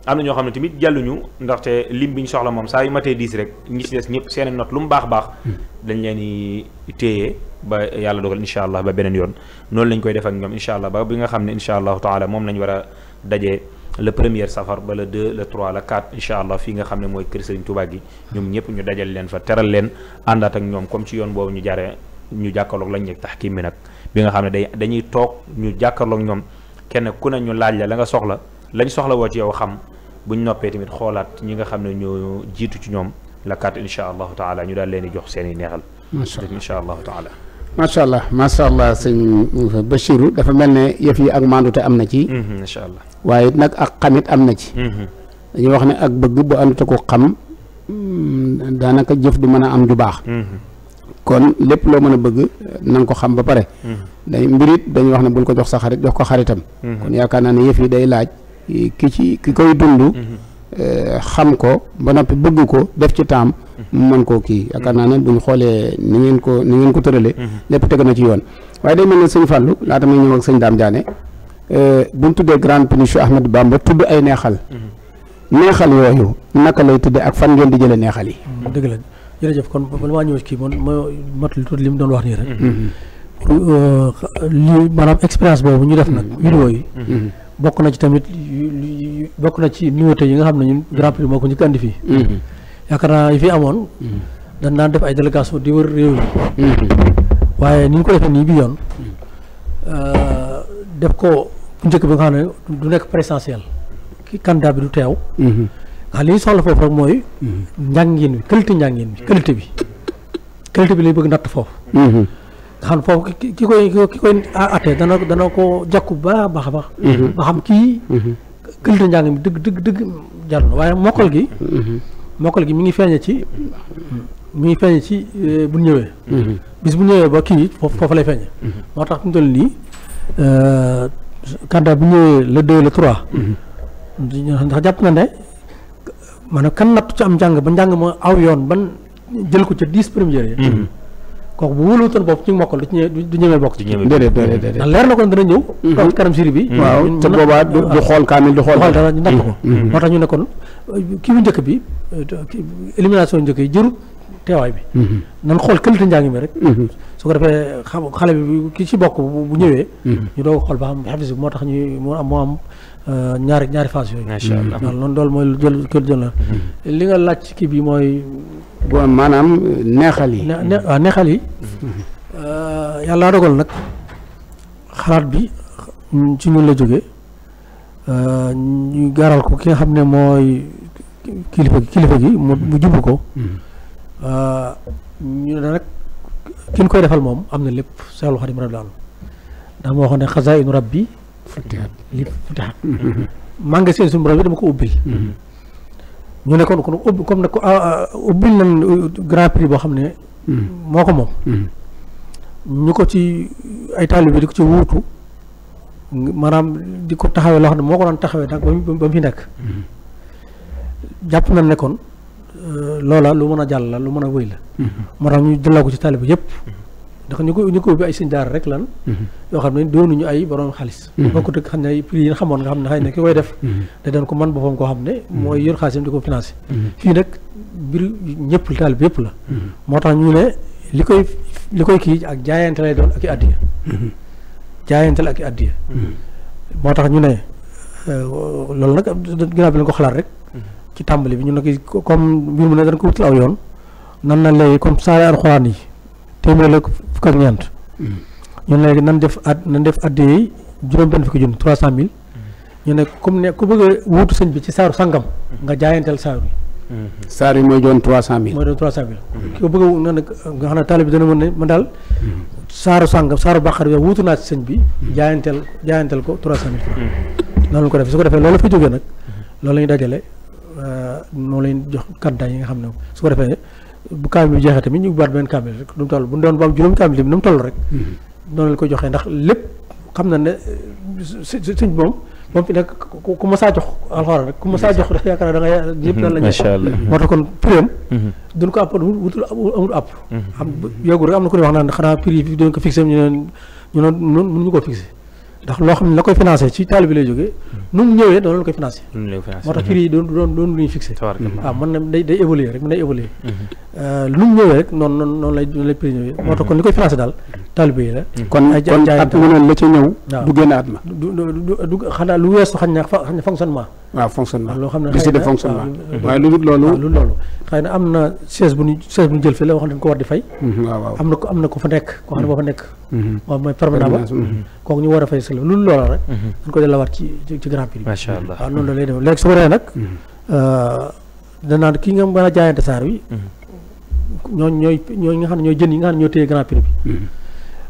am na ñoo xam ne tamit jàlluñu ndaxte lim bi ñu soxla moom saa yu matee diis rek ñi si des ñëpp seeni not lu mu baax baax hmm. dañ leen di téye ba yàlla dogal incha allah ba beneen yoon noonu lañ koy def ak ñoom incha allah ba bi nga xam ne incha allahu taala moom lañ war a dajee le premier safar ba le 2 la 3 le 4 incha allah fii nga xam ne mooy kër Serigne Touba gi ñoom ñëpp ñu dajal leen fa teral leen àndaat ak ñoom comme ci yoon boobu ñu jaaree ñu jàkkaarloog lañ nekk taxkim bi nag bi nga xam ne day dañuy toog ñu jàkkaarloog ñoom kenn ku ne ñu laaj la la nga soxla lañ soxla woo ci yow xam buñ noppee tamit xoolaat ñi nga xam ne ñu jiitu ci ñoom la 4 incha allahu taala ñu daal leen di jox seen i neexal. incha allahu taala. macha allah macha allah sëñ Bachirou dafa mel ne yëf yi ak maandute am na ci. Mhm, macha allah waaye it nag ak xamit am na ci. Mhm. dañuy wax ne ak bëgg bu àndute ko xam mm, daanaka jëf du mën a am du baax. Mhm. kon lépp loo mën a bëgg na ko xam ba pare. day mbirit dañuy wax ne bul ko jox sa xarit jox ko xaritam. kon yaakaar naa ne yëf yi day laaj ki ci ki koy dund. Euh, xam ko ba noppi bëgg ko def ci taam mu mën koo kii yaakaar naa ne buñ xoolee ni ngeen ko ni ngeen ko tëralee mhm. lépp teg na ci yoon waaye day mel ne sëñ Fallou laata muy ñëw ak sëñ Dame Diané euh, buñ tuddee Grande Péniche Ahmed ba tudd ay neexal mhm. neexal yooyu naka lay tuddee ak fan ngeen di jëlee neexal yi mhm. dëgg la jërëjëf kon bala maa ñëw kii ma mat lu tuuti li mu doon wax nii rek euh, li expérience boobu ñu def nag vidéo yi bokk na ci tamit bokk na ci nouveauté yi nga xam na ñun mm-hmm. grand prix moo ko njëkk andi fii. Mm-hmm. yaakaar naa yi fi amoon. Mm-hmm. dañ naan def ay délégation di wër réew yi waaye ni ñu ko defee nii bi yoon. Euh, def ko bu njëkk bi nga xam ne du nekk présentiel. ki candidat bi du teew. ndax li soxla foofu rek mooy. njàngin bi qualité njàngin bi qualité bi. qualité bi lañ bëgg natt foofu. nga xam foofu ki koy ki koy atte dana dana ko jàkku ba baax ba xam mhm. kii këlita mhm. njàng mi dëgg dëgg dëgg jar waaye mokkal gi mhm. mokkal gi mi ngi feeñe ci mu ngi feeñe ci euh, bu ñëwee bis bu ñëwee ba kii foofu lay feeñe moo tax mu toll nii candidat euh, bu ñëwee le deux le trois ndax jàpp na ne maanaam kan nattu ci am njàng ba njàng ma aw yoon ban jël ko ca dix première yi kooku bu wóoluwutoon bopp ci mokkal du ñemee bokk ci déedéet leer na ko dana ñëw toog mm-hmm. ci kanam siri bi waaw mm-hmm. te du ah. xool kaamil du xool dara ñu natt mm-hmm. kii bu njëkk bi élimination njëkk yi jëru teewaay bi nan xool qualité njàng mi rek su ko defee xam xale bi ki ci bokk bu ñëwee ñu doog xool ba xam xafis moo tax ñu moo am moo am Euh, ñaari ñaari phase yooyu. macha allah noonu mm. loolu mooy jël kër jël mm-hmm. li nga laaj kii bi mooy. maanaam euh, neexal yi. ne waaw ah, neexal yi. Mm-hmm. Euh, yàlla dogal nag xalaat bi ci ñun la jógee ñu garal ko ki nga xam ne mooy kilifa kilifa gi mu jubbu ko. Mm-hmm. ñu ne nag ki koy defal moom am na lépp Seexul Xadim radiyallaahu anhu ndax moo waxoon ne xasaa'inu bi fatihat lépp fatihat magasin suñu bi dama ko ubbil ñu ne ko ah, ah, ubbil nañ uh, grand prix boo xam ne moo ko moom ñu ko ci ay taalibe di ko ci wuutu maanaam di ko taxawee loo xam ne moo ko doon taxawee nag ba mu fi nekk jàpp nañ ne uh, loola lu mën a jàll la lu mën a wéy la mm-hmm. moo tax ñu delloo ko ci taalibe yëpp ndax ñu ko ñu ko ubbi ay sëñ daara rek lan mm-hmm. yoo xam ne doonuñu ay borom xaalis mm-hmm. bokkut ak xam ne prix yi xamoon nga xam ne xëy na mm-hmm. da doon ko man boppam xam ne ñu ne li koy li koy kii ak jaayante lay doon ak i addiya jaayante la ak i addiya moo tax ñu ne euh, loolu nag ginnaaw bi lañ ko xalaat rek ci tàmbali bi ñu ne comme mbir mu ne dañ ko wutal aw yoon nan na lay comme saare alxuraan yi téeméer la fukk ak ñeent ñun léegi nan def at nan def adde yi juróom-benn fukki junni trois cent mille ñu ne comme ne ku bëgg a wuutu sëñ bi ci saaru sangam nga jaayanteel saaru yi mooy doon trois cent mille mooy doon a nga xam ne taalibe bi dana mën ne ma daal saaru sangam saaru bàqar bi wuutu naa ci sëñ bi jaayanteel jaayanteel ko trois cent mille francs noonu ko defee su ko defee loolu fa jógee nag loolu la ñu dajale moom euh, la ñu jox candidat yi nga xam ne su ko defee bu kaamil bi jeexee tamit ñu baat benn kaamil rek du mu toll bu ñu doon ba am juróomi kaamil mu toll rek. Mm-hmm. noonu la ko joxee ndax lépp xam na ne suñ moom moom fi nekk ku ma saa jox alxuraan rek ku ma saa jox dafa yaakaar da ngay ñëpp nan mm-hmm. la macha allah moo tax kon prix mm-hmm. duñ ko àpp wutul amul àpp xam yoogu rek am na ku ne wax naan xanaa prix bi duñ ko fixé ñu neen ñu noon mënuñu koo fixé ndax loo xam ne la koy financé ci taalibe lay jógee nu mu ñëwee doon la koy financé moo tax prix yi doon doon doon lu ñu fixé waaw ah, mën na day day évoluer rek mën na évoluer mhm. euh, lu mu ñëwee rek noonu noonu noonu lay noonu lay prix ñëwee moo tax kon li koy financé daal taalibe yi la mhm. kon kon at mu ne la ca ñëw du génn at ma du xanaa lu weesu xañ na xañ na fonctionnement waaw fonctionnement loo xam ne xëy na fonctionnement waaye lu dul loolu lu loolu xëy na am na chaise bu ñu chaise bu ñu jël fi la wax dañ ko war di fay mhm, waaw waaw am na ko am na ko fa nekk koo xam ne boo fa nekk waaw mooy permanent ba kooku ñu war a fay si la lu loola rek. Mhm. dañ ko delluwaat ci ci grand prix. macha allah waaw noonu la lay demee léegi su ko nag. Mhm. Euh, danaan kii nga mën a jaayante saar wi. Mhm. ñooñu ñooy ñooy nga xam ñooy jën grand prix bi.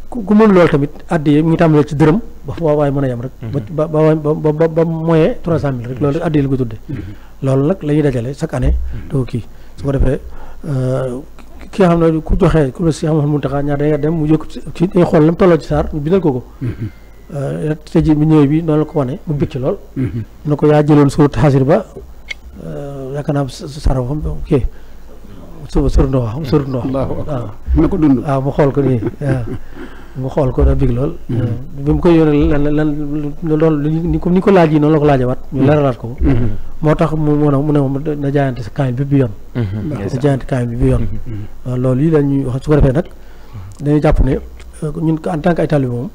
ku mën loolu tamit addiye mu ngi tàmbalee ci dërëm ba fa waaye mën a yem rek ba ba ba ba ba trois cent mille rek loolu rek addiye la ko tudde loolu nag la ñuy dajale chaque année doo kii su ko defee euh, ki nga xam ne ku joxe ku la si xamal Muntaxa ñaar day dem mu yëkk ci dañuy xool lam tolloo ci saar ñu bindal ko ko mm-hmm. euh, te ji bi ñëwee bi noonu la ko wane mu bég ci lool mm-hmm. na ko yaa jëloon surat Hasir ba euh, yaakaar naa sara xam kii suba surat Ndox xam surat Ndox waaw na ko dund waaw ah, mu xool ko nii waaw mu xool ko da bég lool mm-hmm. euh, bi mu koy yónnee lan lan loolu ni ko ni ko laaj yi noonu la ko laajawaat ñu mm-hmm. leeralaat ko mm-hmm. moo tax mu mun a mu ne na jaayante si kaamil bi bi yoon na jaayante kaamil bi bi yoon waaw loolu yi lañuy wax su ko defee nag dañuy jàpp ne euh, ñun en tant que ay taalibe moom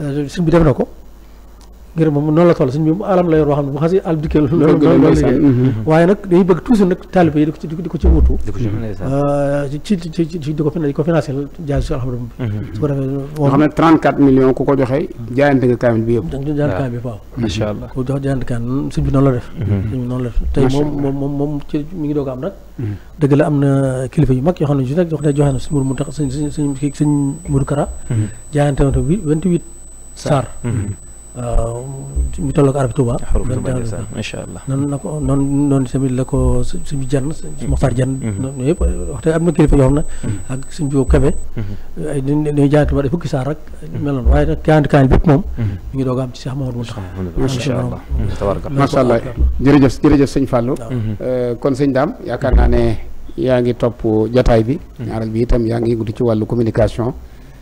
euh, sëñ bi def na ko ngir moom noonu la toll suñ bi mu alam la yor mm-hmm. waaye nag day bëgg toujours nag taalibe yi di ko ci di ci di ko di mm-hmm. jaayante nga kaamil bi yëpp jaayante kaamil bi waaw mm-hmm. macha allah ku jox jaayante kaamil bi noonu la def suñ bi noonu la def tey moom moom moom moom ci mi ngi doog a am nag joxe na suñ mur suñ suñ suñ Modou Kara jaayante bi 28 saar Euh, mu tolloog arab Touba. macha allah noonu la ko noonu noonu tamit la ko suñu jan Moxtaar Jan noonu yëpp wax dëgg am na kilifa yoo xam ne mm-hmm. ak suñu boobu kabe mm-hmm. ay dañuy jaanati ma fukki saar rek mm-hmm. mel noonu waaye nag kaani kaani bépp moom ñu ngi doog a am ci Cheikh Mamadou Moustapha macha allah jërëjëf jërëjëf sëñ Fallou euh, kon sëñ Daam yaakaar naa ne yaa ngi topp jataay bi ñaaral bi itam yaa ngi yëngatu ci wàllu communication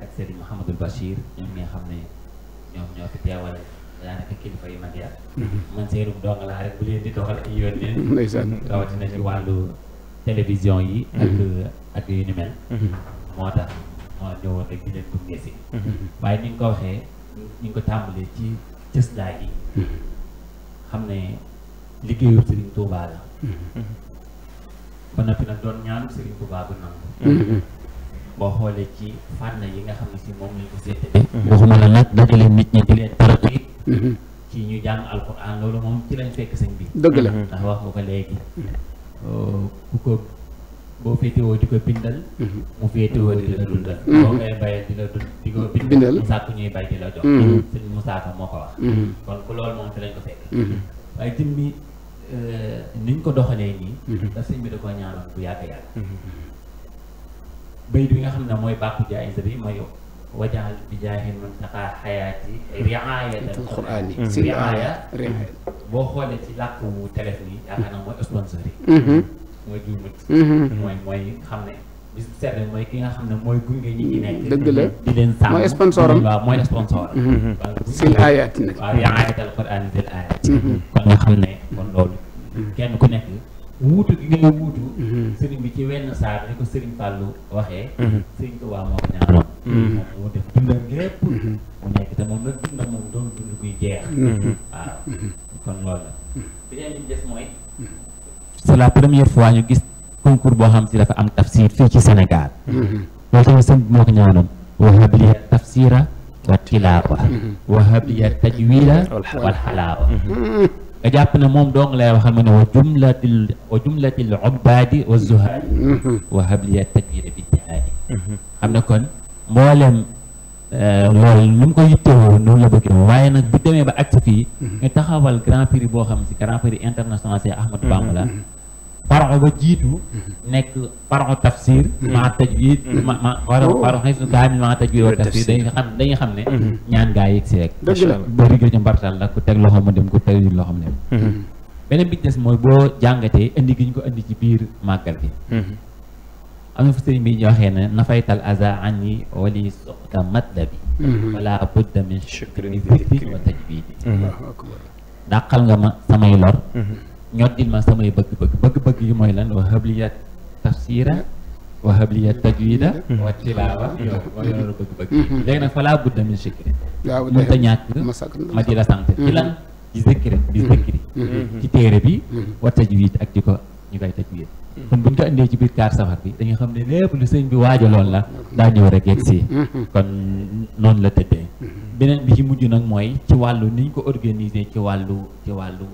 ak Serigne Mouhamadou Bachir ñoom ñi nga xam ne ñoom ñoo kilifa yu mag mm-hmm. man seenum dong rek bu leen di doxal ay yoon leen rawatina ci wàllu télévision yi ak mm-hmm. ak yu ni mel mm-hmm. moo tax moo ñëwoon rek di leen gunge si waaye ni nga ko waxee ni nga ko tàmbalee ci cëslaay yi xam ne liggéeyu Serigne Touba la ba noppi nag doon ñaan Serigne Touba bu nangu boo xoolee ci fànn yi nga xam ne si moom lañ ko séddale. waxuma la nag dajale nit ñi di leen taratu mhm. ci ñu jàng alquran loolu moom ci lañ fekk sëñ bi. dëgg la mhm. ndax wax ko léegi. Mhm. ku ko boo féetewoo di ko bindal. mu féetewoo di la dundal. boo koy bayal di la dund di ko bindal mu sàkk ñuy bay moo ko wax. kon ku loolu moom ci lañ ko fekk. waaye jëmmi euh, niñ ko doxalee nii. ndax sëñ bi da koo ñaanoon bu yàgg yàgg. bay bi nga xam ne mooy bàkku jaayisa bi mooy wajaal bi jaahin man taqaa xayaati riayatan quraani mhm. riaya boo xoolee ci làkku téléphone yi yaakaar naa mooy sponsor yi mhm. mhm. ne mooy ki nga xam ne mooy gunge ñi ñi nekk dëgg la di leen sàmm mooy sponsoram waaw mooy sponsor sil ayaati nag waaw riayatal quraani sil ayaati kon nga xam ne kon loolu kenn ku nekk wuutu gi ngay wuutu mm-hmm. sëriñ bi ci wenn saar ni ko sëriñ Fallou waxee mm-hmm. sëriñ Tuubaa moo ko ñaanoon mm-hmm. moom bi boo xam si dafa am tafsir fii ci Sénégal loolu tamit sëñ bi moo ko ñaanoon wahab liya tafsira wa tilaawa wahab liya tajwida wal xalaawa nga jàpp na moom dong lay waxal mu ne wa jumlatil wa jumlatil ubbaadi wa zuhaadi mhm. mhm. ne kon mboolem eh, loolu ni ko yittewoo noonu la bëggee waaye nag bu demee ba agsi fii mhm. taxawal grand prix boo xam si grand prix international Cheikh Ahmadou Bamba la far'u ba jiitu nekk far'u tafsir mm-hmm. ma tajwid mm-hmm. ma ma far'u oh. xisnu kaamil ma tajwid wa tafsir dañuy xam ne mm-hmm. ñaan gaa yegg si rek boo riggee ci mbartal la ku teg loxo mu dem ku teg loxo mu dem beneen bi des mooy boo jàngatee indi gi ñu ko indi ci biir màggal gi am na fu sëriñ bi waxee ne nafaytal aza an yi wali soxta matlabi wala budda min shukri zikri wa tajwidi nga ma samay lor ñoddil ma samay bëgg-bëgg gi mooy lan wa habliya tafsira wa habliya tajwida hmm. wa tilaawa hmm. yooyu a bëgg-bëgg hmm. léegi nag fa laa budda min shikri mën ta ñàkk ma di la sant ci lan ci zikri bi zikri ci téere bi wa tajwid ak di ko ñu koy tajwid kon buñ ko indee ci biir kaar safar bi dañu xam ne lépp lu sëñ bi waajaloon la daa ñëw a yegg si kon noonu la tëddee beneen bi ci mujj nag mooy ci wàllu niñ ko organiser ci wàllu ci wàllu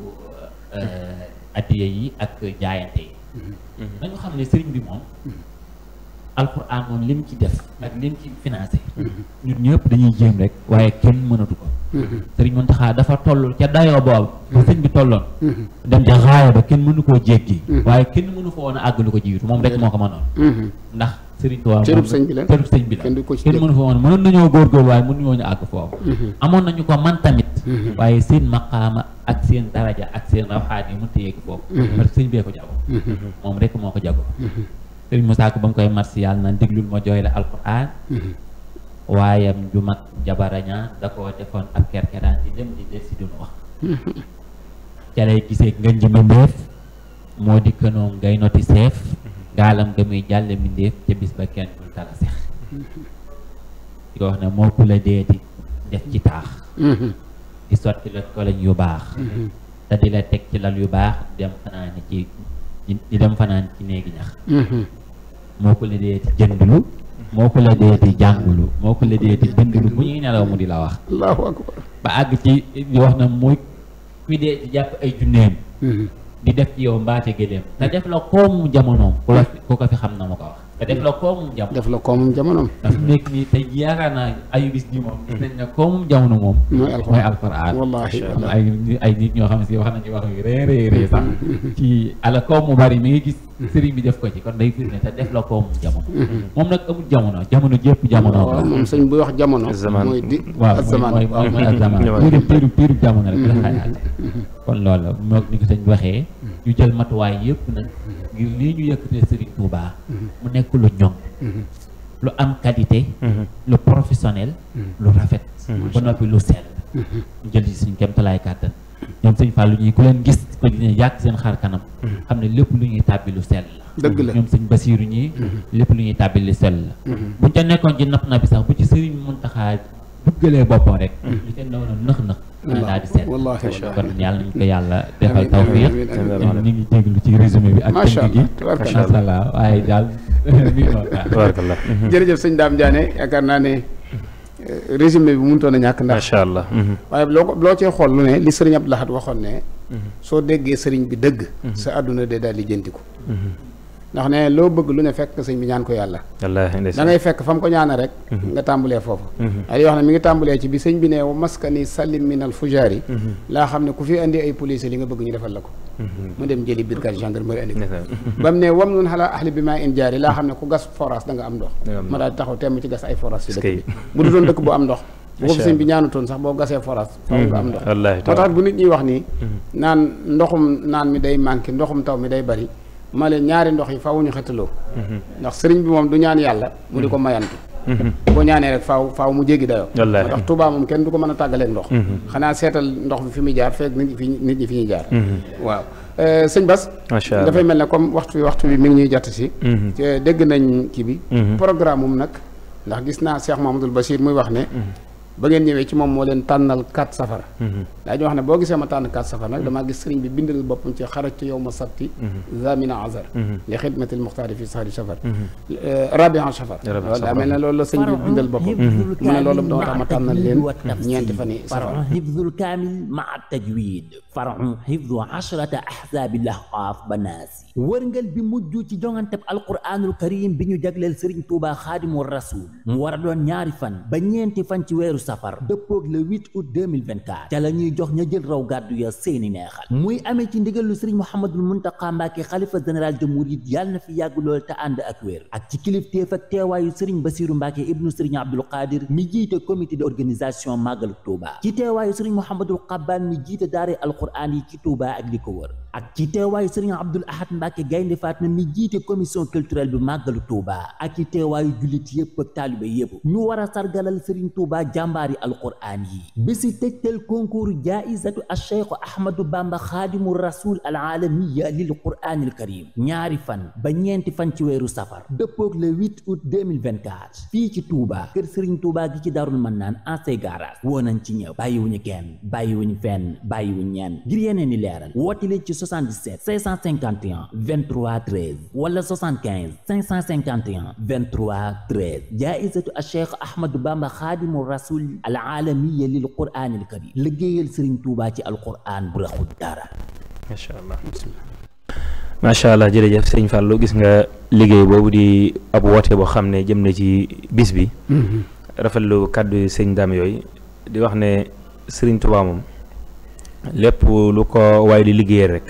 euh, addiya yi ak jaayante yi dañu mm-hmm. xam ne sëriñ bi moom mm-hmm. alxuraan moom li mu ci def ak li ci financé mm-hmm. ñun ñëpp dañuy jéem rek waaye kenn mënatu ko sëriñ taxaa dafa toll ca dayoo boobu ba sëñ bi tolloon dem ca xaaya ba kenn mënu koo jéggi waaye kenn mënu ko woon àgg lu ko jiitu moom rek moo ko mënoon ndax Serigne Touba cërub sëñ bi la cërub sëñ bi la kenn mënu fa woon mënoon nañoo góorgóorlu waaye mënuñoo ñu àgg foofu mhm. amoon nañu ko man tamit mhm. waaye seen maqaama ak seen daraja ak seen rawxaat yi mënta yegg foofu mhm. parce que sëñ bee ko jago moom rek moo ko jago Serigne Moussa Ka ba mu koy marsi yàlla na déglul ma jooy la alquran waayam ju mag jabaraña da koo defoon ak kerkeraan di dem di des si duñu wax ca lay gisee nga njëma mbeef moo di kënoo ngay noti seef gaalam nga muy jàll mbindéef ca bis ba kenn bul tala sex di ne moo ku la dee def ci taax mm-hmm. di sotti la koloñ yu baax mm-hmm. te di la teg ci lal yu baax di dem fanaani ci di dem fanaan ci néegi ñax mm-hmm. moo ku la dee di jëndlu moo ku la dee jàngulu moo ku la dee di bindlu bu ñuy nelaw mu di la wax ba àgg ci di na muy kuy dee di jàpp ay junneem di def ci yow mbaate gédéem na def la koomu jamonoom ku la ku ko fi xam na ma ko wax def la koomum jamono. def la koomum jamono. tey yaakaar naa ayu gis mm-hmm. nañ ne koomum jamono moom. mooy alquran mooy ay ay nit ñoo xam si wax nañu wax yu rëy rëy rëy sax. Mm-hmm. ci ala koom bari mi ngi gis. Mm-hmm. sëriñ bi def ko ci kon day gis ne te def la koomum jamono. moom nag amul jamono jamono jépp jamono. waaw moom sëñ bu wax di azaman waaw mooy mooy azaman. muy def piiru jamono rek. kon loolu moom ni ko sëñ waxee. ñu jël matuwaay yëpp nag. ngir lii ñu yëkkatee Serigne Touba. Mhm. mu nekk lu ñoŋ. Mhm. lu am qualité. Mhm. lu professionnel. lu rafet. ba noppi lu sell. ñu jël ci suñu kéemtalaay kàttan. ñoom sëñ Fall lu ñuy ku leen gis ko dina yàq seen xar kanam. xam ne lépp lu ñuy tàbbi lu sell la. dëgg la ñoom sëñ Basiiru ñii. lépp lu ñuy tàbbi lu sell la. buñ ca nekkoon ci napp na bi sax bu ci Serigne Mountakha. bëggalee boppam rek. ñu mm. seen ndaw na nëx mm. nëx. daal di seet kon yàlla nañ ko yàlla defal tawfiq ñu ngi déglu ci résumé bi ak tënk gi macha allah waaye daal tabaarakallah jërëjëf sëñ Dame Diané yaakaar naa eh, résumé bi mënutoon a ñàkk ndax macha allah mm-hmm. waaye loo ko loo cee xool ne li sëriñ Abdou Lahad waxoon ne mm-hmm. soo déggee sëriñ bi dëgg mm-hmm. sa àdduna de daal lijjanti ko ndax ne loo bëgg lu ne fekk sëñ bi ñaan ko yàlla da ngay fekk fa mu ko ñaana rek mhm. nga tàmbulee foofu mhm. ay wax ne mi ngi tàmbulee ci bi sëñ bi ne wa maskani salim min al fujaari mhm. laa xam ne ku fi andi ay police li nga bëgg ñu defal la ko mu dem jëli biir kàddu gendarmerie andi ba mu ne wam nun xalaa ahli bi maa in jaari laa xam ne ku gas forage da am ndox ma daal taxaw temm ci gas ay forage ci dëkk bi bu du doon dëkk bu am ndox bu nit ñi wax nii ma leen ñaari ndox yi faaw ñu xëttaloo ndax sëriñ bi moom du ñaan yàlla mu di ko mayantu mhm. boo ñaanee rek faaw faaw mu jéggi dayoo ndax Touba moom kenn du ko mën a tàggaleeg ndox mhm. xanaa seetal ndox bi fi muy jaar feeg nit ñi fi nit ñi fi ñuy jaar mhm. waaw euh, sëñ Bas dafay mel ne comme waxtu bi waxtu bi mi ngi jàtt si euh, dégg nañ kii bi programme nag ndax gis naa Cheikh Mahamadul Bachir muy wax ne ba ngeen ñëwee ci moom moo leen tànnal kat safara mhm. daañu wax ne boo gisee ma tànn kat safara nag damaa gis sëriñ bi bindal boppam ci xaraj ci yow ma sabti mhm. zamina azar mhm. li xidmatil muxtaari fi sahri safar euh, rabian safar loolu daa mel la sëriñ bi ma tànnal leen ñeenti fani safara xifdul kaamil maa tajwid farxu xifdu ashrata ahzaabi lahqaaf ba naasi wërngal bi mujj ci jonganteb alquranul karim bi ñu jagleel sëriñ Tuubaa xaadimu rasul mu war a doon ñaari fan ba ñeenti fan safar dëppoog le 8 août 2024 ca la ñuy jox ña jël raw gàddu ya seeni neexal muy amee ci ndigal lu sëriñ Mouhamadul Muntaqa Mbàkke xalifa général de Mouride yàlla na fi yàgg lool te ànd ak wér ak ci kilifteef ak teewaayu sëriñ Basiru Mbàkke ibnu sëriñ Abdul Qadir mi jiite comité d'organisation màggalu Touba ci teewaayu sëriñ Mouhamadul Qabbaan mi jiite daare alquraan yi ci Touba ak ko wër ak ci teewaayu sëriñ Abdul Ahad Mbàkke Gaynde Fatma mi jiite a jàmbaari alquraan yi bési tegtal concours jaaisatu acheikhu ahmadu bamba xaadimu rasul alaalamiya lil quraanil karim ñaari fan ba ñeenti fan ci weeru safar dëppoog le 8 août 2024 fii ci Touba kër Serigne Touba gi ci darul mannaan anse garage woo nañ ci ñëw bàyyiwuñu wu bàyyiwuñu fenn bàyyiwuñu ñenn ngir yeneen ni leeral woote leen ci 77 551 23 13 wala 75 551 23 13 jaaisatu acheikhu ahmadu bamba xaadimu rasul al aalamiya lil quraan al karim liggéeyal sëriñ Tuubaa ci al quraan bu raxul dara macha allah macha allah jërëjëf sëriñ Fallou gis nga liggéey boobu di ab woote boo xam ne jëm na ci bis bi mm-hmm. rafetlu kàddu sëñ Dame yooyu di wax ne sëriñ Tuubaa moom lépp lu ko waaye di liggéeyal rek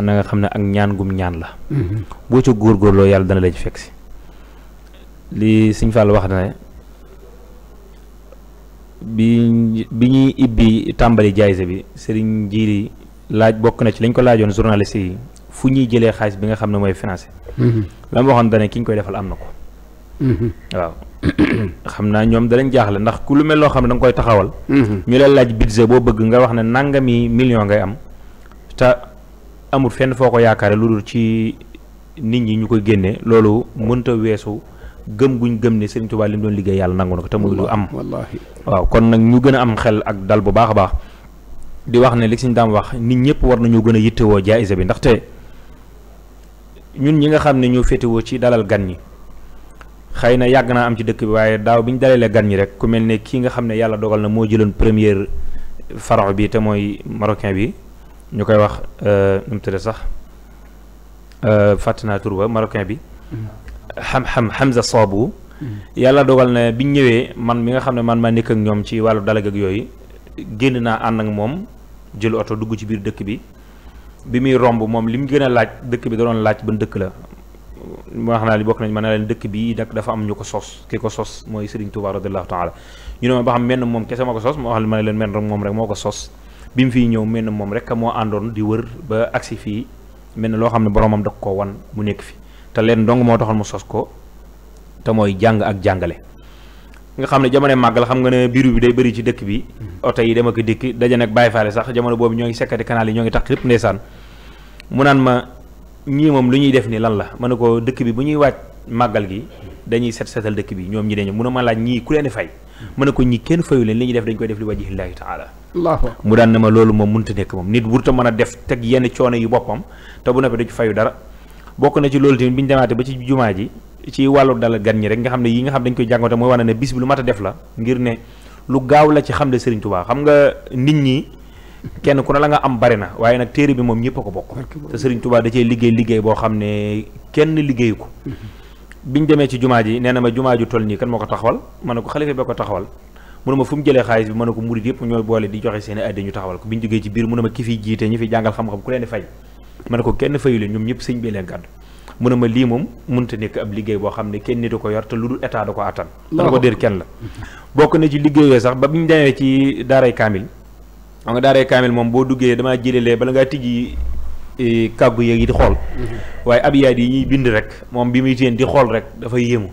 na nga xam ne ak ñaan gum ñaan la mm-hmm. boo ci góorgóorloo yàlla dana la ci fekk si li sëñ Fallou wax na ne bi bi ñuy ibbi tàmbali jaayse bi Serigne Ndiiri laaj bokk na ci lañ ko laajoon journaliste yi fu ñuy jëlee xaalis bi nga xam ne mooy financé. Mhm. la ma waxoon ki ñu koy am na ko. Mhm. waaw xam naa ñoom danañ jaaxle ndax ku lu loo xam ne da nga koy taxawal. Mhm. ñu lay laaj budget boo bëgg nga wax ne nangami million ngay am te amul fenn foo ko yaakaare lu dul ci nit ñi ñu ko génne loolu mënta weesu. gëm guñ gëm ne Serigne Touba li mu doon liggéey yàlla nangu na ko te muy lu am waaw kon nag ñu gën a am xel ak dal bu baax a baax di wax ne li suñ daam wax nit ñëpp war nañoo gën a yittewoo jaayisa bi ndaxte ñun ñi nga xam ne ñoo féetewoo ci dalal gan ñi xëy na yàgg naa am ci dëkk bi waaye daaw bi ñu dalalee gan ñi rek ku mel ne kii nga xam ne yàlla dogal na moo jëloon première pharaon bi te mooy marocain bi ñu koy wax euh, nu mu sax euh, fàtte naa tur ba bi mm. xam-xam Hamza Soobu yàlla dogal na biñ ñëwee man mi nga xam ne man maa nekk ak ñoom ci wàllu dalag ak yooyu génn naa ànd ak moom jël oto dugg ci biir dëkk bi bi muy romb moom li mu gën a laaj dëkk bi da laaj ban dëkk la wax naa li bokk nañ ma ne leen bii nag dafa am ñu ko soos ki ko sos mooy Serigne Touba radiyallahu taala ñu ne ma ba xam menn moom kese ma ko sos moo wax ma ne leen menn moom rek moo ko soos bi mu fiy ñëw menn moom rek moo àndoon di wër ba agsi fii mel ne loo xam ne boromam da koo wan mu nekk fi te leen dong moo taxoon mu sos ko te mooy jàng ak jàngale nga xam ne jamono la xam nga ne biiru bi day bëri ci dëkk bi oto yi dem ak dikk daje nag bàyyi faale sax jamono boobu ñoo ngi sekkati kanaal yi ñoo ngi tax lépp ndeysaan mu naan ma ñii moom lu ñuy def ni lan la ma ne ko dëkk bi bu ñuy waaj màggal gi dañuy set setal dëkk bi ñoom ñi dañu mun a ma laaj ñii ku leen fay ma ne ko ñi kenn fayu leen li ñuy def dañ koy def li wajhillaahi taala mu daan ne ma loolu moom munta nekk moom nit te mën a def teg yenn coono yu boppam te bu noppee du ci fayu dara bokk na ci loolu tamit bi ñu demaate ba ci jumaa ji ci wàllu dalal gan ñi rek nga xam ne yi nga xam dañ koy jàngoonte mooy wane ne bis bi lu mat a def la ngir ne lu gaaw la ci xam ne sëriñ Touba xam nga nit ñi kenn ku ne la nga am bari na waaye bi moom ñëpp ko bokk te Serigne Touba da cee liggéey boo xam ne kenn liggéeyu ko mm-hmm. biñ demee ci jumaa ji nee na ma jumaa ju toll nii kan moo ko taxawal ma ne ko xalifa ba ko taxawal mu ne ma fu mu xaalis bi ma ne ko murit yëpp ñooy boole di joxe seen i addi ñu taxawal ko biñ jógee ci biir mu ki fiy jiite ñi fi jàngal xam-xam ku leen di fay ma ne ko kenn fayu leen ñoom ñëpp sëñ bi leen gàddu mu ne ma lii moom mënut a nekk ab liggéey boo xam ne kenn nit a ko yor te lu dul état da ko attan. da ko dér kenn la. bokk na ci liggéey sax ba bi ñu demee ci daaray kaamil xam daaray kaamil moom boo duggee damaa jëlee bala ngaa tijji e, kàggu yeeg yi di xool. Mm-hmm. waaye abiyaat yi ñuy bind rek moom bi muy teen di xool rek dafay yéemu.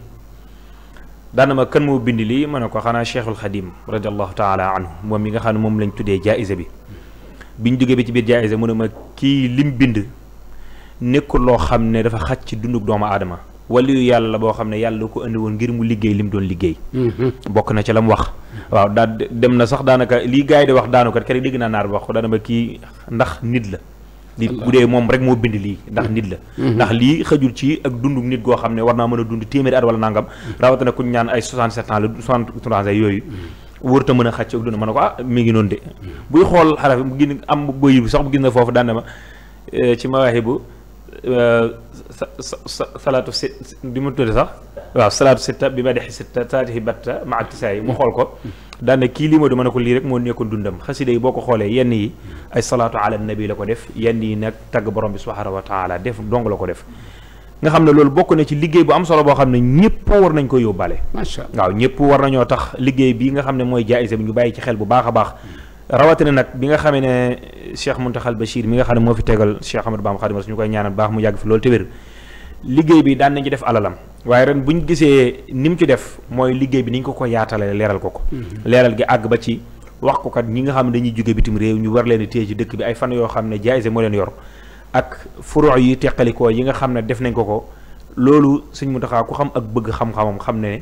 daana ma kan moo bind lii ma ne ko xanaa Cheikhul Xadim radiallahu taala anhu moom mi nga xam ne moom lañ tuddee jaayise bi. bi ñu jógee ci biir jaayise mu ne ma kii lim bind nekkul loo xam ne dafa xaj ci dunduk doomu aadama wala yu yàlla boo xam ne yàlla loo ko indi woon ngir mu liggéey lim doon liggéey. Mhm. bokk na ci la mu wax. waaw daa dem na sax daanaka lii gars di wax daanu kat keroog dégg naa naar bi wax ko ma kii ndax nit la. li bu dee moom rek moo bind lii ndax nit la mhm. ndax lii xëjul ci ak dundu nit goo xam ne war naa mën a dund téeméeri at wala nangam mhm. rawatina ku ñu ñaan ay 67 ans la 63 ans yooyu wërta mën a xàcc ak dund ma ne ko ah mi ngi noonu de buy xool xaraf bu gin am bëy bi sax bu gis na foofu daan na ma eh, ci mawaaxi bu eh, salaatu si di mu tudde sax waaw salaatu sitta bi ma dexi sitta saatihi batta ma aktisaay mu xool ko daan kii lii ma du ma ne ko lii rek moo nekkoon dundam xasida yi boo ko xoolee yenn yi ay salaatu ala nabi la ko def yenn yi nag tagg borom bi subhaanahu wa taala def dong la ko def nga xam ne loolu bokk na ci liggéey bu am solo boo xam ne ñëpp war nañ ko yóbbaale macha allah waaw ñëpp war nañoo tax liggéey bi nga xam ne mooy jaayise bi ñu bàyyi ci xel bu baax a baax rawatina nag bi nga xamee ne Cheikh Mountakhal Bachir mi nga xam ne moo fi tegal Cheikh Ahmadou Bamba Khadimu Rasuul ñu koy ñaanal baax mu yàgg fi loolu te wér daan nañ ci def alalam waaye ren bu ñu gisee ni mu ci def mooy liggéey bi ni ñu ko ko yaatalee leeral ko ko mm-hmm. leeral gi àgg ba ci wax ko kat ñi nga xam ne dañuy jóge bitim réew ñu war leen téye ci dëkk bi ay fan yoo xam ne jaayise moo leen yor ak furu yi teqalikoo yi nga xam ne def nañ ko ko loolu sëñ Muntaxa ku xam ak bëgg xam-xamam xam ne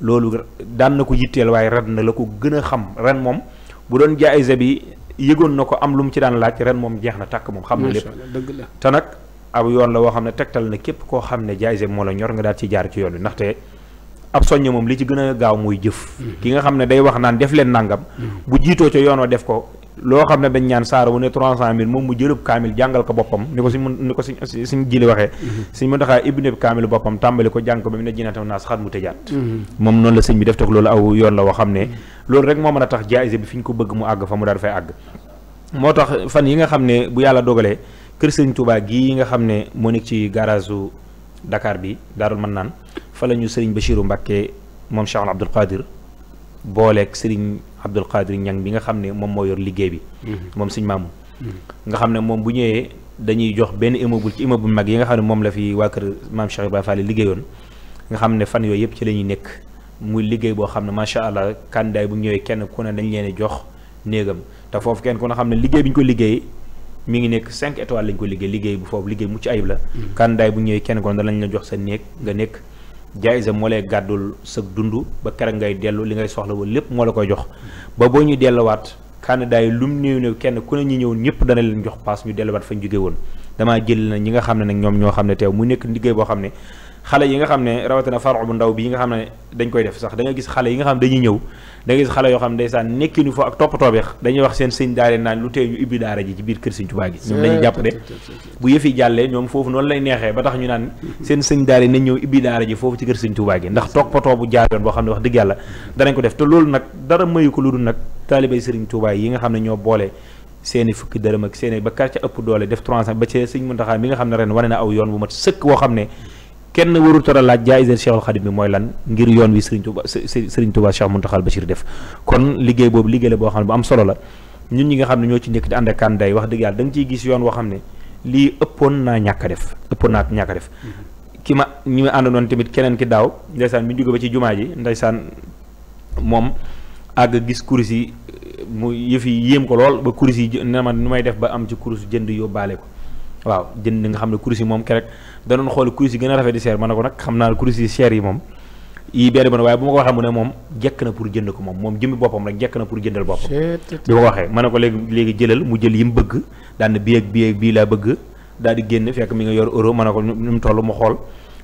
loolu daan na ko yitteel waaye ren na la ko gën a xam ren moom bu doon jaayisa bi yëgoon na ko am lu mu ci daan laaj ren moom jeex na takk moom xam na lépp te nag ab yoon la woo xam ne tegtal na képp koo xam ne jaayisa bi moo la ñor nga daal ci jaar ci yoon bi ndaxte ab soñño moom li ci gën a gaaw muy jëf mm-hmm. ki nga xam ne day wax naan def leen nangam mm-hmm. loo xam ne dañ ñaan saara wu ne trois cent mille moom mu jëlub kaamil jàngal ko boppam ni ko suñ mun ni ko suñ suñ jili waxee mhm. suñ mën taxaa ibneb kaamil boppam tàmbali ko jàng ko ba mu ne jinatam naas xat mu tëjaat mhm. moom noonu la sëñ bi def teg loolu aw yoon la woo xam ne mhm. loolu rek moo mën a tax jaayise bi fi ñu ko bëgg mu àgg fa mu daal fay àgg moo tax fan yi nga xam ne bu yàlla dogalee kër sëñ Touba gii yi nga xam ne moo nekk ci garaasu su bi daarul mën naan fa la ñu sëriñ Bachirou Mbacke moom Cheikh Abdoul Qadir booleeg sëriñ Abdul Qadir Ñang bi nga xam ne moom moo yor liggéey bi. Mhm. moom sëñ Maamun. Mhm. nga xam ne moom bu ñëwee dañuy jox benn immeuble ci immeuble mag yi nga xam ne moom la fi waa kër maam Cheikh Ibrahima Fall liggéeyoon nga xam ne fan yooyu yëpp ci la ñuy nekk muy liggéey boo xam ne macha allah kandaay bu ñëwee kenn ku ne dañ leen jox néegam te foofu kenn ku ne xam ne liggéey bi ñu ko liggéey mu ngi nekk cinq étoiles lañ ko liggéey liggéey bu foofu liggéey mucc ayib la. Mhm. kandaay bu ñëwee kenn ku ne la jox sa néeg nga nekk. jaayisa moo lay gàddul sa dund ba keroog ngay dellu li ngay soxla woon lépp moo la koy jox ba boo ñu delluwaat candidat yi lum néew néew kenn ku ne ñu ñëw ñëpp dana leen jox paas ñu delluwaat fa ñu jóge woon damaa jël na ñi nga xam ne nag ñoom ñoo xam ne teew mu nekk liggéey boo xam ne xale yi nga xam ne rawatina faru bu ndaw bi yi nga xam ne dañ koy def sax da gis xale yi nga xam ne dañuy ñëw da gis xale yoo xam ndeysaan nekkinu fa ak toppatoo beex dañuy wax seen sëñ daare naan lu tee ñu ibbi daara ji ci biir kër sëñ Tuubaa gi ñoom dañuy jàpp de bu yëf jàllee ñoom foofu noonu lay neexee ba tax ñu naan seen sëñ daare nañ ñëw ibbi daara ji foofu ci kër sëñ Tuubaa gi ndax toppatoo bu jaar yoon boo xam ne wax dëgg yàlla danañ ko def te loolu nag dara mayu ko lu dul nag taalibay sëriñ Tuubaa yi nga xam ne ñoo boole seeni fukki dërëm ak seeni ba doole def 300 ba ci nga xam ne ren wane na aw yoon bu mat sëkk xam ne kenn warul tara jaay jaayiseel Cheikhul Khadim bi mooy lan ngir yoon wi Serigne Touba Serigne Touba Cheikh Mountakhal Bachir def kon liggéey boobu liggéey la boo xam ne bu am solo la ñun ñi nga xam ne ñoo ci nekk di ànd ak kanday wax dëgg gis yoon woo xam ne lii ëppoon naa ñàkk def ëppoon naa ñàkk a def mm-hmm. ki ma ñi ma àndoon tamit keneen ki daaw ndeysaan mi jóge ba ci jumaa ji ndeysaan moom àgg gis kurus yi mu yëf yi yéem ko lool ba kurus yi ne ma nu may def ba am ci kurus jënd yóbbaale ko waaw jënd nga xam ne kuris yi moom kerek danoon xool kurus yi gën a rafet di seer ma ne ko nag xam naa kurus yi seer yi moom yi benn benn waaye bu ma ko waxee mu ne moom jekk na pour jënd ko moom moom jëmmi boppam rek na pour jëndal boppam bi ma ko waxee ma ne ko mu jël yi mu bëgg daan na bii ak bii ak laa bëgg daal di génn fekk mi nga yor euro ma ne ko nu mu toll mu xool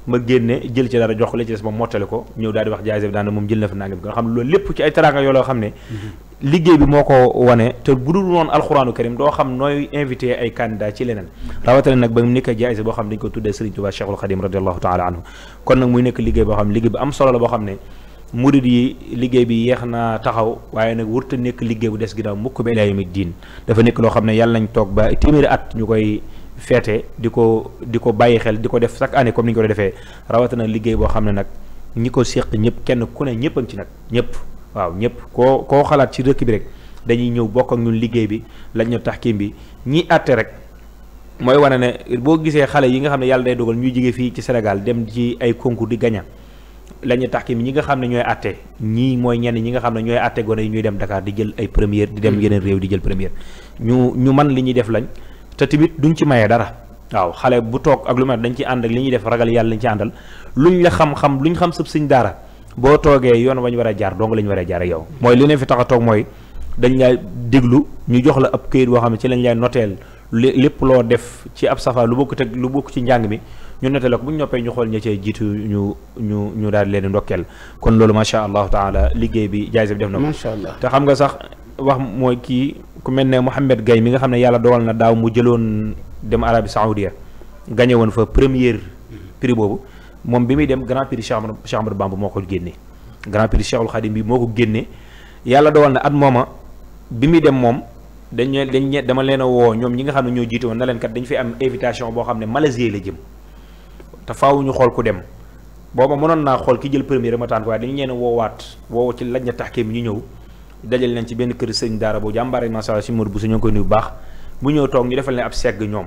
ma génne jël ci dara jox ko la ci mottali ko ñëw daal di wax jaayse bi daan na moom jël na fa nangam nga xam ne loolu lépp ci ay teraanga yoo loo xam ne mhm. liggéey bi moo ko wane te bu dul woon alxuraanu karim doo xam nooy invité ay candidat ci leneen rawatina nag ba mu nekk jaayse boo xam ne dañu ko tuddee Serigne Touba Cheikhul Khadim radiallahu taala kon nag muy nekk liggéey boo xam ne liggéey bi am solo la xam ne murid yi liggéey bi yeex naa taxaw waaye nag wërta nekk liggéey bu des ginnaaw mukk ba ilaa yawmi diin dafa nekk loo xam ne yàlla nañ toog ba téeméeri at ñu koy feete di ko di ko bàyyi xel di ko def chaque année comme ni ñu ko defee rawatina liggéey boo xam ne nag ñi ko séq ñëpp kenn ku ne ñëpp a ci nag ñëpp waaw ñëpp koo koo xalaat ci dëkk bi rek dañuy ñëw bokk ak ñun liggéey bi lañ ñu tax kim bi ñiy àtte rek mooy wane ne boo gisee xale yi nga xam ne yàlla day dogal ñu jige fii ci Sénégal dem ci ay concours di gaña lañu ñu tax ki ñi nga xam ne ñooy àtte ñii mooy ñenn ñi nga xam ne ñooy àtte gone yi ñuy dem Dakar di jël ay première di dem mm. yeneen réew di jël première ñu ñu man li ñuy def lañ te tamit duñ ci maye dara waaw xale bu toog ak lu mel dañ ci ànd li ñuy def ragal yàlla lañ ci àndal luñ xam-xam luñ xam sëb sëñ daara boo toogee yoon wañu war a jaar dong la ñu war a jaar yow mooy li ne fi tax a toog mooy dañ lay déglu ñu jox la ab këyit boo xam ne ci lañ lay notteel lépp loo def ci ab safa lu bokk teg lu bokk ci njàng mi ñu noteel ko bu ñu noppee ñu xool ña cee jiitu ñu ñu ñu daal leen ndokkeel kon loolu macha allahu taala liggéey bi jaayse bi def na ko macha allah te xam nga sax wax mooy kii ku mel ne Mouhamed Gaye mi nga xam ne yàlla dogal na daaw mu jëloon dem Arabie Saoudia gañe woon fa première prix boobu moom bi muy dem grand prix Cheikh Cheikh Ahmadou Bamba moo ko génne grand prix Cheikhul Khadim bi moo ko génne yàlla dogal na at mooma bi muy dem moom dañu dañ dama leen a ñoom ñi nga xam ne ñoo jiite woon na leen kat dañu fi am invitation boo xam ne Malaisie la jëm te faaw ñu xool ku dem booba mënoon naa xool ki jël premier ma tànn ko waaye dañu leen a woowaat woo ci tax na taxkeem ñu ñëw dajal leen ci benn kër sëñ daara boo jàmbaare macha allah si Mourou Bousso ñoo ngi bu baax bu ñëw toog ñu defal leen ab segg ñoom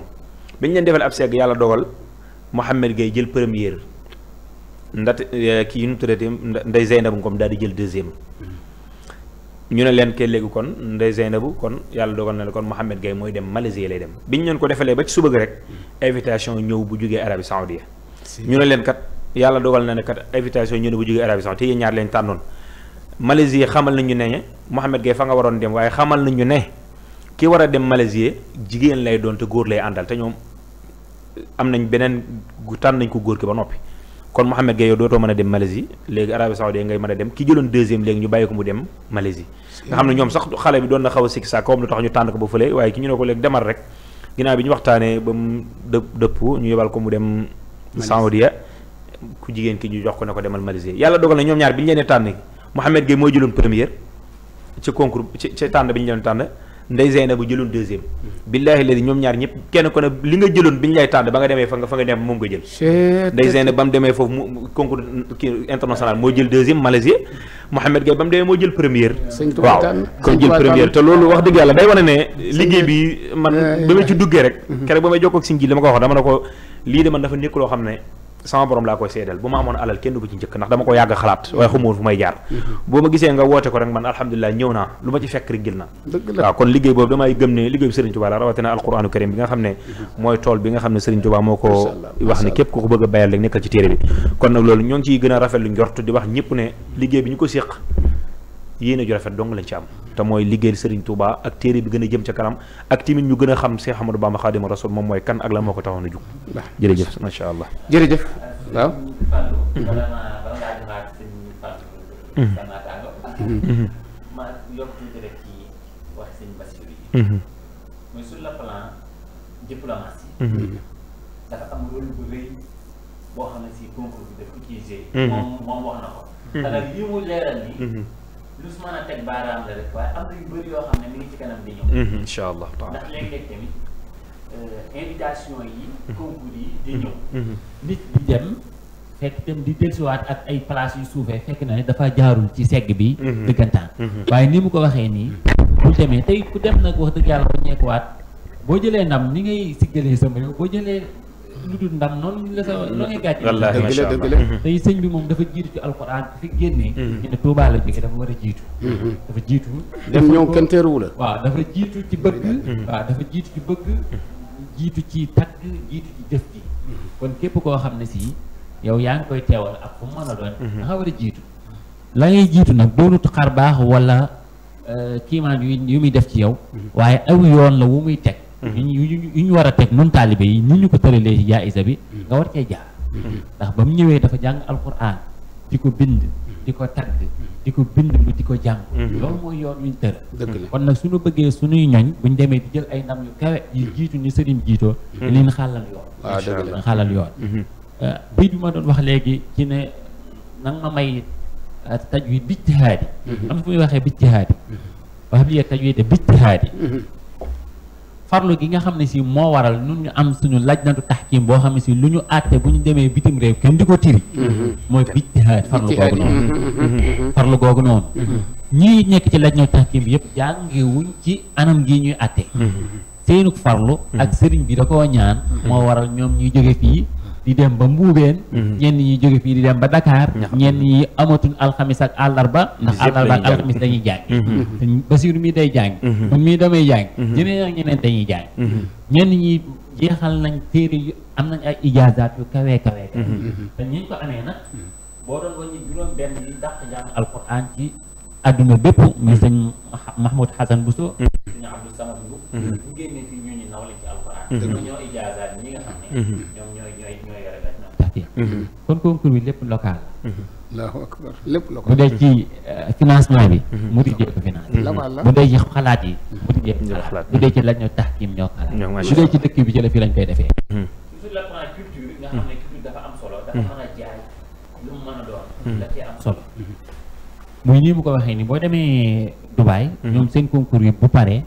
bi ñu leen defal ab segg yàlla dogal Mouhamed Gueye jël première ndate eh, kii nu mu tuddati Ndeye Zeynabu Ngom daal di jël deuxième. ñu ne leen ke léegi kon Ndeye Zeynabu kon yàlla dogal na la kon Mouhamed Gaye mooy dem Malaisie lay dem bi biñ leen ko defalee ba ci suba rek invitation ñëw bu jugee Arabie Saoudite. ñu ne leen kat yàlla dogal na ne kat invitation ñu ne bu jugee Arabie Saoudite te ñaar leen tànnoon. Malaisie xamal nañu ne Mouhamed Gaye fa nga waroon dem waaye xamal nañu ne ki war a dem Malaisie jigéen lay doon te góor lay àndal te ñoom eh, am nañ beneen tànn nañ ko góor ki ba noppi. kon Mouhamed Gueye yow dootoo mën a dem Malaisie léegi Arabie Saoudite ngay mën a dem ki jëloon deuxième léegi ñu bàyyi ko mu dem Malaisie nga xam ne ñoom sax xale bi doon na xaw a sikki sa kawam lu tax ñu tànn ko ba fële waaye ki ñu ne ko léegi demal rek ginnaaw bi ñu waxtaanee ba mu dë dëpp ñu yebal ko mu dem Saoudia ku jigéen ki ñu jox ko ne ko demal Malaisie yàlla dogal na ñoom ñaar bi ñu leen tànn Mouhamed Gueye mooy jëloon première ci concours ci ci tànn bi ñu leen tànn ndey Zeyna bu jëloon deuxième billaahi léegi ñoom ñaar ñëpp kenn ko ne li nga jëloon bi ñu lay tànn ba nga demee fa nga fa dem moom nga jël ndey Zeyna ba mu demee foofu mu concours international moo jël deuxième Malaisie Mouhamed Gaye ba mu demee moo jël première waaw kon jël première te loolu wax dëgg yàlla day wane ne liggéey bi man ba mu eh, ci duggee rek eh. keroog ba may jokkoo ak sin ji dama ko wax dama ne ko lii de man dafa nekk loo xam ne sama borom laa koy seedal bu ma amoon alal kenn du ko ci njëkk ndax dama ko yàgg xalaat waaye xamul fu may jaar mhm. boo ma gisee nga woote ko rek man alhamdulilah ñëw naa lu ma ci fekk rek gil na waaw kon liggéey boobu damay gëm ne liggéey bi Serigne Touba la rawatina ne mhm. mooy tool bi nga xam ne Serigne Touba moo ko wax ne képp ku ko bëgg a bayal rek nekkal ci téere loolu ñoo ngi ciy gën a rafet lu njort di wax ñëpp ne liggéey bi ñu ko séq yéene ju rafet dong lañ ci am te mooy liggéeyal Serigne Touba ak téere bi gën a jëm ca kanam ak tamit ñu gën a xam Cheikh Ahmadou Bamba Khadimou Rassoul moom mooy kan ak la moo ko taxoon a jug. waaw jërëjëf macha allah. jërëjëf wax na ko. lu su mën a teg baaraam la rek waaye am na yu bëri yoo xam ne mi ngi ci kanam di ñëw. Mhm, incha allah taala ndax léeg-léeg tamit euh, invitation yi. Mhm. concours yi di mhm. ñëw. nit di dem. fekk itam di dellusiwaat ak ay place yu suufee fekk na ne dafa jaarul ci segg bi. dëggantaan waaye ni mu ko waxee nii. bu demee tey ku dem nag wax dëgg yàlla ba ñeekuwaat boo jëlee ndam ni ngay siggalee sama réew boo jëlee. lu dul ndam noonu la sa noonu la gàcce dëgg la dëgg la tey sëñ bi moom dafa jiitu ci alxuraan fi génnee mm-hmm. ñu ne Tuubaa la jóge dafa war a jiitu mm-hmm. dafa jiitu dem ñëw kenn teeruwu la waaw dafa jiitu ci bëgg mm-hmm. dafa jiitu ci bëgg jiitu ci takk ci kon képp koo xam ne sii yow yaa ngi koy teewal ak fu mu a doon danga war a jiitu la ngay jiitu nag doonut xar baax wala euh, kiimaan yu muy def ci yow waaye aw yoon la wu muy teg yu ñu war a teg nun taalibe yi ni ñu ko tëralee ci jaayisa bi nga war cee jaar ndax ba mu ñëwee dafa jàng alquran di ko bind di ko tagg di ko bind lu di ko jàng loolu mooy yoon wi ñu tëral kon nag suñu bëggee suñuy ñoñ buñ demee di jël ay ndam yu kawe yi jiitu ni sëriñ jiitoo leen xàllal yoon xàllal yoon mhm. euh, bii bi ma doon wax léegi ci ne nang ma may euh, tajwid bijtihaadi mhm. am fu muy waxee bijtihaadi mhm. wax lii tajwid bijtihaadi farlu gi nga xam ne si moo waral nun ñu am suñu lajnatu tahkim boo xam ne si lu ñu àtte bu ñu demee bitim réew kenn di ko tiri mm-hmm. mooy bijtihaad mm-hmm. farlu googu noonu farlu googu noonu ñii nekk ci lajnatu tahkim bi yëpp jàngewuñ ci anam gi ñuy àtte mm-hmm. seenuk farlu ak sëriñ bi da koo ñaan moo waral ñoom ñuy jóge fii di dem ba mbuubeen mhm. ñenn ñi jóge fii di dem ba Dakar ñenn ñi amatuñ alxamis ak àllarba ndax àllarba ak alxamis dañuy jàng mhm. Basiiru mii day jàng man mhm. mii damay jàng ñeneen ak ñeneen ñi jeexal nañ téere yu am na ay ijaazaat yu kawee kawee te ñi ko amee nag boo doon wàññi ci adduna bépp muy sëñ Mahmoud Hassan Bousso suñu Abdou bu génnee fii ñu ñu naw lañ ci alquran ñoo ijaazaat ñi nga xam ne Mm-hmm. kon concours bi lépp local mm-hmm. allahu akbar lépp local bu dee ci euh, financement bi mm-hmm. mu tijjee ko financé dee ci xalaat yi mu tijjee ko xalaat bu dee ci lañ tax kim ñoo xalaat bu dee ci dëkk bi jële fii lañ koy defee sur le plan a muy nii mu ko waxee ni boo demee Dubaay ñoom seen concours yi bu paree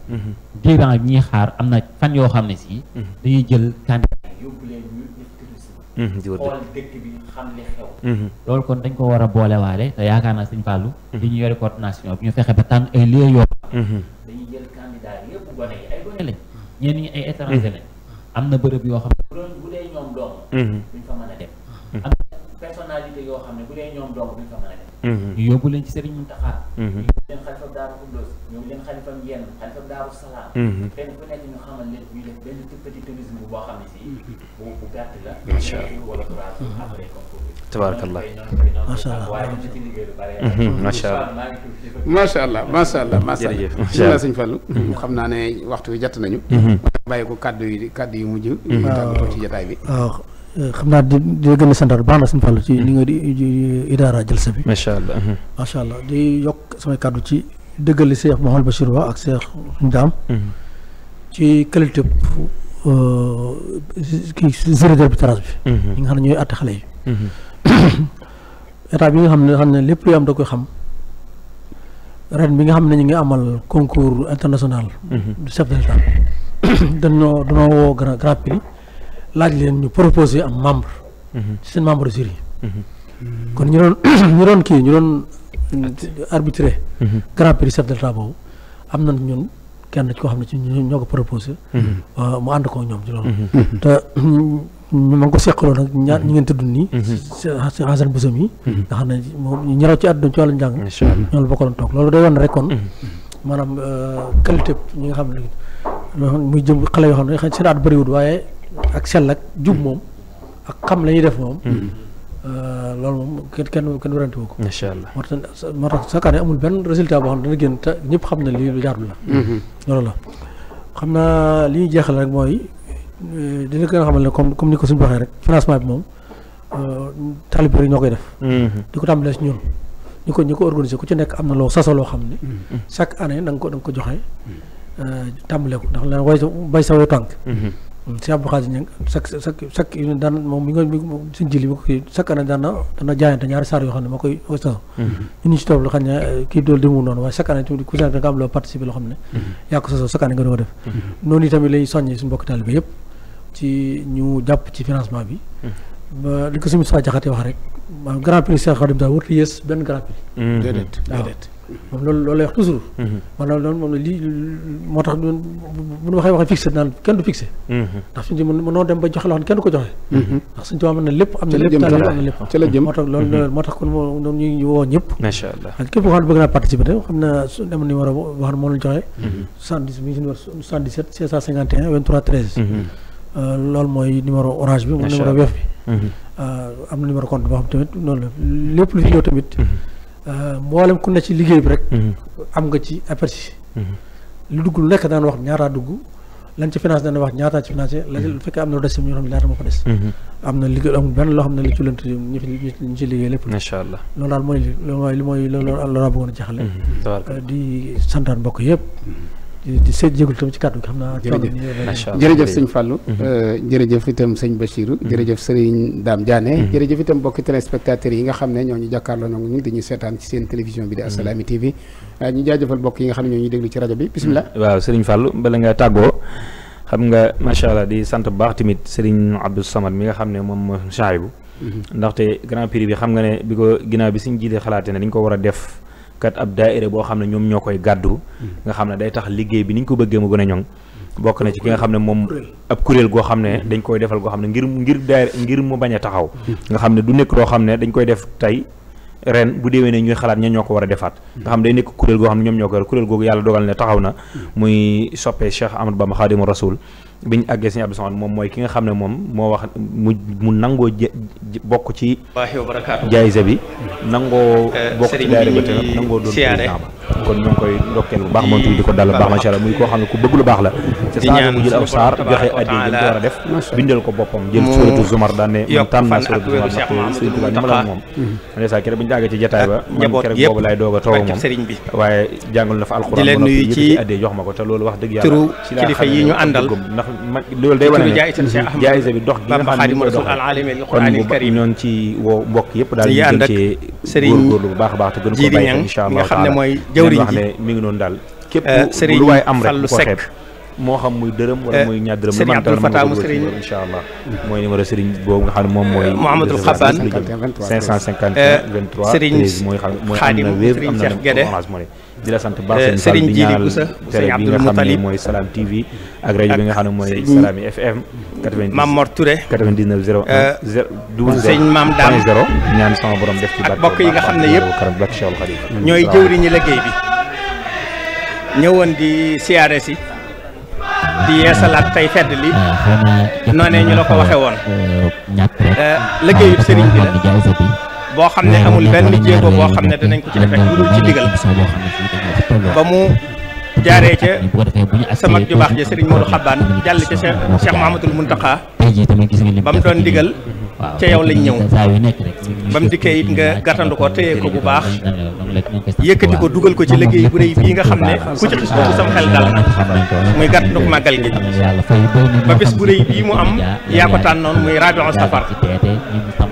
durant ñuy xaar am na fan yoo xam ne si dañuy jël candidat yóbbu leen Mhm, xool dëkk bi xam li xew mhm. loolu kon dañ ko war a boolewaale te yaakaar naa sëñ Fallou mhm. li ñu yore coordination bi ñu fexe ba tànn ay yoo dañuy jël candidat ñi ay étranger am na bërëb yoo xam ne bu dee ñoom dong duñ fa mën a dem yóbbu leen ci Serigne Mountakha ñu leen xalifa Daaru Xuddoos ñu leen xalifa Ndiène xalifa Daaru Salaam kenn ku ñu xamal leen ñu def benn petit boo xam ne si macha allah mm-hmm. tabarakallah mm-hmm. macha allah macha allah ma allah macha allah bismillah sëñ Fallu mm-hmm. xam naa ne waxtu wi jot nañu bàyyi ko kàddu yi kàddu yu mujj ñu tàggatoo ci jotaay bi xam naa di di a santaat baax na sëñ Fallu ci ni nga di idaara jalsa bi macha allah di yokk samay kàddu ci dëggal li Cheikh Mouhamed Bachir wa ak Cheikh ci qualité Euh, kii jury d'arbitrage bi. Mhm. ñu nga xam ne ñooy àtte xale yi. Mhm. état bi nga xam ne xam ne lépp luy am da koy xam ren bi nga xam ne ñu ngi amal concours international. Mhm. du chef de l'état dañoo dañoo woo grand grand prix laaj leen ñu proposer am membre. ci seen membre jury. kon ñu doon ñu doon kii ñu doon arbitré. grand prix chef de l'état boobu am na ñun. kenn ci koo xam ne ci ñoo ko proposé. Mhm. Euh, mu ànd ko ñoom ci loolu. Mhm. Mhm. te ñu ma ko seqaloon nag ñaar ñi ngeen tudd nii. si si Hassane Bosom yi. nga xam ne moom ñi raw ci àdduna ci wàllu njàng. incha allah ñoom la bokkaloon toog loolu day wan rek kon. Euh, qualité ñi nga xam ne muy jëm xale yoo xam ne seen at bëriwul waaye ak sell ak jub moom ak xam la ñuy def moom. Euh, loolu moom kenn kenn kenn werante wu ko. macha allah moo tax moo amul benn résultat boo xam ne dana génn te ñëpp xam ne lii lu jaarul la. Mm-hmm. loolu la xam naa li ñuy jeexal rek mooy euh, di la gën a xamal ne comme comme ni ko suñu waxee rek financement bi moom euh, talib rek ñoo koy def. Mm-hmm. di ko tàmbalee si ñun. ñu ko ñu ko organisé ku ci nekk am na loo sasa loo xam ne. Mm-hmm. chaque année da nga ko da ko joxe. tàmbale ko ndax la way bay sa way tànk. si Abdou Xaadir Ñang sak sak sak daan moom mi nga suñ jili mi ko kii sak année daan na jaayante ñaari saar yoo xam ne moo koy sa mhm. ñu si topp la xam ne eh, kii dool demul noonu waaye sak année tamit ku nga am mhm. ko def mhm. noonu itamit lañuy soññee suñu mbokk taalibe yëpp ci ñu jàpp ci financement bi li ko suñu saa jaxatee wax rek maanaam grand prix Cheikh Khadim Sall warut yées benn grand prix déedéet déedéet moom loolu loolu lay wax toujours. Mm-hmm. man loolu noonu moom lii moo tax bu ñu waxee waxee fixé naan kenn du fixé. Mm-hmm. ndax suñu du ko joxe. Mm-hmm. la dem numéro joxe. Euh, loolu mooy numéro orange bi. macha allah weef bi. Euh, am na numéro compte boo xam tamit lépp lu fi ñëw tamit. Euh, mboolem ku ne ci liggéey bi rek. Mhm. am nga ci aperçu. Mhm. lu dugg lu nekk daan wax ñaataa dugg lan ci finance daan wax ñaata ci financé la mhm. fekkee am na lu des ñoo xam ne ñaata moo am na liggéey amul benn loo xam ne li ci lënt ñu lépp. macha allah loolu daal mooy li mooy li mooy loolu laa bëggoon a jaxale. Euh, di santaan mbokk yëpp. di seet tam ci kàddu xam naa. jërëjëf jërëjëf sëñ Fallou. Mm-hmm. Euh, jërëjëf itam sëñ Bachirou. Mm-hmm. jërëjëf sëriñ Dame Diané. Mm-hmm. jërëjëf itam mbokki téléspectateurs yi nga xam ne ñoo ñu jàkkaarloo ñoom ñu dañuy seetaan ci seen télévision bi di Assalaamy TV euh, ñu jaajëfal mbokk yi nga xam ne ñoo ñu déglu ci rajo bi bisimilah. waaw sëriñ Fallou bala nga tàggoo xam nga macha allah di sant bu baax tamit sëriñ Abdou Samad mi nga xam ne moom Chaybu. ndaxte grand prix bi xam nga ne bi ko ginnaaw bi suñ jiite xalaatee ne dañ ko war a def kat ab daaira boo xam ne ñoom ñoo koy gàddu nga xam ne day tax liggéey bi niñ ko bëggee mu gën a ñoŋ bokk na ci ki nga xam ne moom ab kuréel goo xam ne dañ koy defal goo xam ne ngir ngir daayira ngir mu bañ a taxaw nga xam ne du nekk loo xam ne dañ koy def tey ren bu ne ñuy xalaat ña ñoo ko war a defaat nga xam ne day nekk kuréel goo xam ne ñoom ñoo koy kuréel googu yàlla dogal ne taxaw na muy soppee Cheikh Amadou Bamba Khadimou Rasoul bi ñu àggee sëñ Abdou Samad moom mooy ki nga xam ne moom moo wax mu mu nangoo bokk ci. jaayisa bi. nangoo eh, bokk ci daayira ba te nangoo ba kon ñu ngi koy ndokkeel bu baax moom tamit ko lu baax la. di a def. bindal ko boppam jël suratu zumar daan ne man tànn naa suratu zumar ndax Sëriñ Tuubaa ni ma la wax moom. Mhm. ndeysaan keroog bi ñu àggee ci a toog moom waaye jàngal na fa alxuraan. di leen nuyu ci addi jox ma ko te loolu wax dëgg yàlla ci kilifa yi ñu àndal ndax mag loolu day wane ne jaayisa bi dox gi nga xam ne dox kon noonu ci woo mbokk yëpp daal ñu gën cee góorgóorlu bu baax a baax te gën ko bàyyi incha allah nga xam ne mooy jawriñ ji mi ngi noonu daal képp euh, lu waay am rek ko xeeb moo xam muy dërëm wala eh, muy ñaar dërëm. Serigne Abdoul Fatah mu Serigne incha allah. mooy numéro Serigne boobu nga xam ne moom mooy. Mouhamadul Xabaan 551 23 Serigne Xaadim la sant baax eh, Serigne Jili Kousa Serigne Abdoul Moutalib mooy Salam TV ak rajo bi nga xam ne mooy Salami FM. 90 Mame Mor Touré eh, ñaan sama borom def ci barke yi nga xam ne yëpp ñooy jëwriñu liggéey bi ñëwoon di siyaare si di yeesalaat tey fedd li noonee ñu la ko waxe woon liggéeyub sëriñ bi la boo xam ne amul benn jéego boo xam ne danañ ko ci defee lu dul ci digal ba mu jaaree ca sama ju baax ja sëriñ Modou Xabaan jàll ca Cheikh Mahamadul Muntaxa ba mu doon digal ca yow lañ ñëw ba mu dikkee it nga gàttandu ko téye ko bu baax yëkkati ko dugal ko ci liggéey bu rëy bii nga xam ne ku ci xis boobu sam xel dal muy gàttandu ko màggal gi ba bés bu rëy bii mu am yaa ko tànnoon muy rabiu safar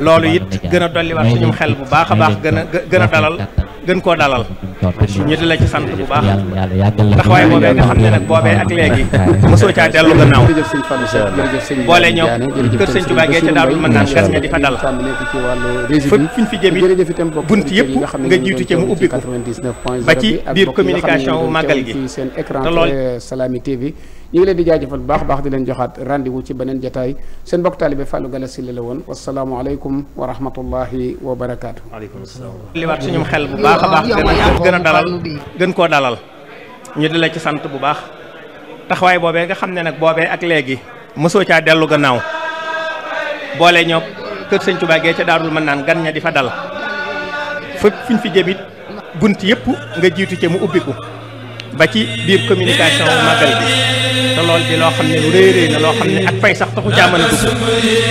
loolu it gën a dolliwaat suñu xel bu baax a baax gën a gën a dalal gën koo dalal ñu di la ci sant bu baax ndax waaye boobee nga xam ne nag boobee ak léegi mosoo caa dellu gannaaw boole ñoo kër sëñ Tuubaa ca daal mën gas nga di fa dal fuñ fi jëm it bunt yëpp nga jiitu ci mu ba ci biir communication xel bu baax a baax gën a dalal gën koo dalal ñu di la ci sant bu baax taxawaay boobee nga xam ne nag boobee ak léegi mosoo caa dellu gannaaw. boole ñoo kër sëñ Tuubaa gee ca daarul mën naan gan ña di fa dal fépp fuñ fi jëbit gunt yëpp nga jiitu ci mu ubbiku ba ci biir communication magal bi te loolu di loo xam ne lu rëy rëy na loo xam ne ak fay sax taxu caa mën a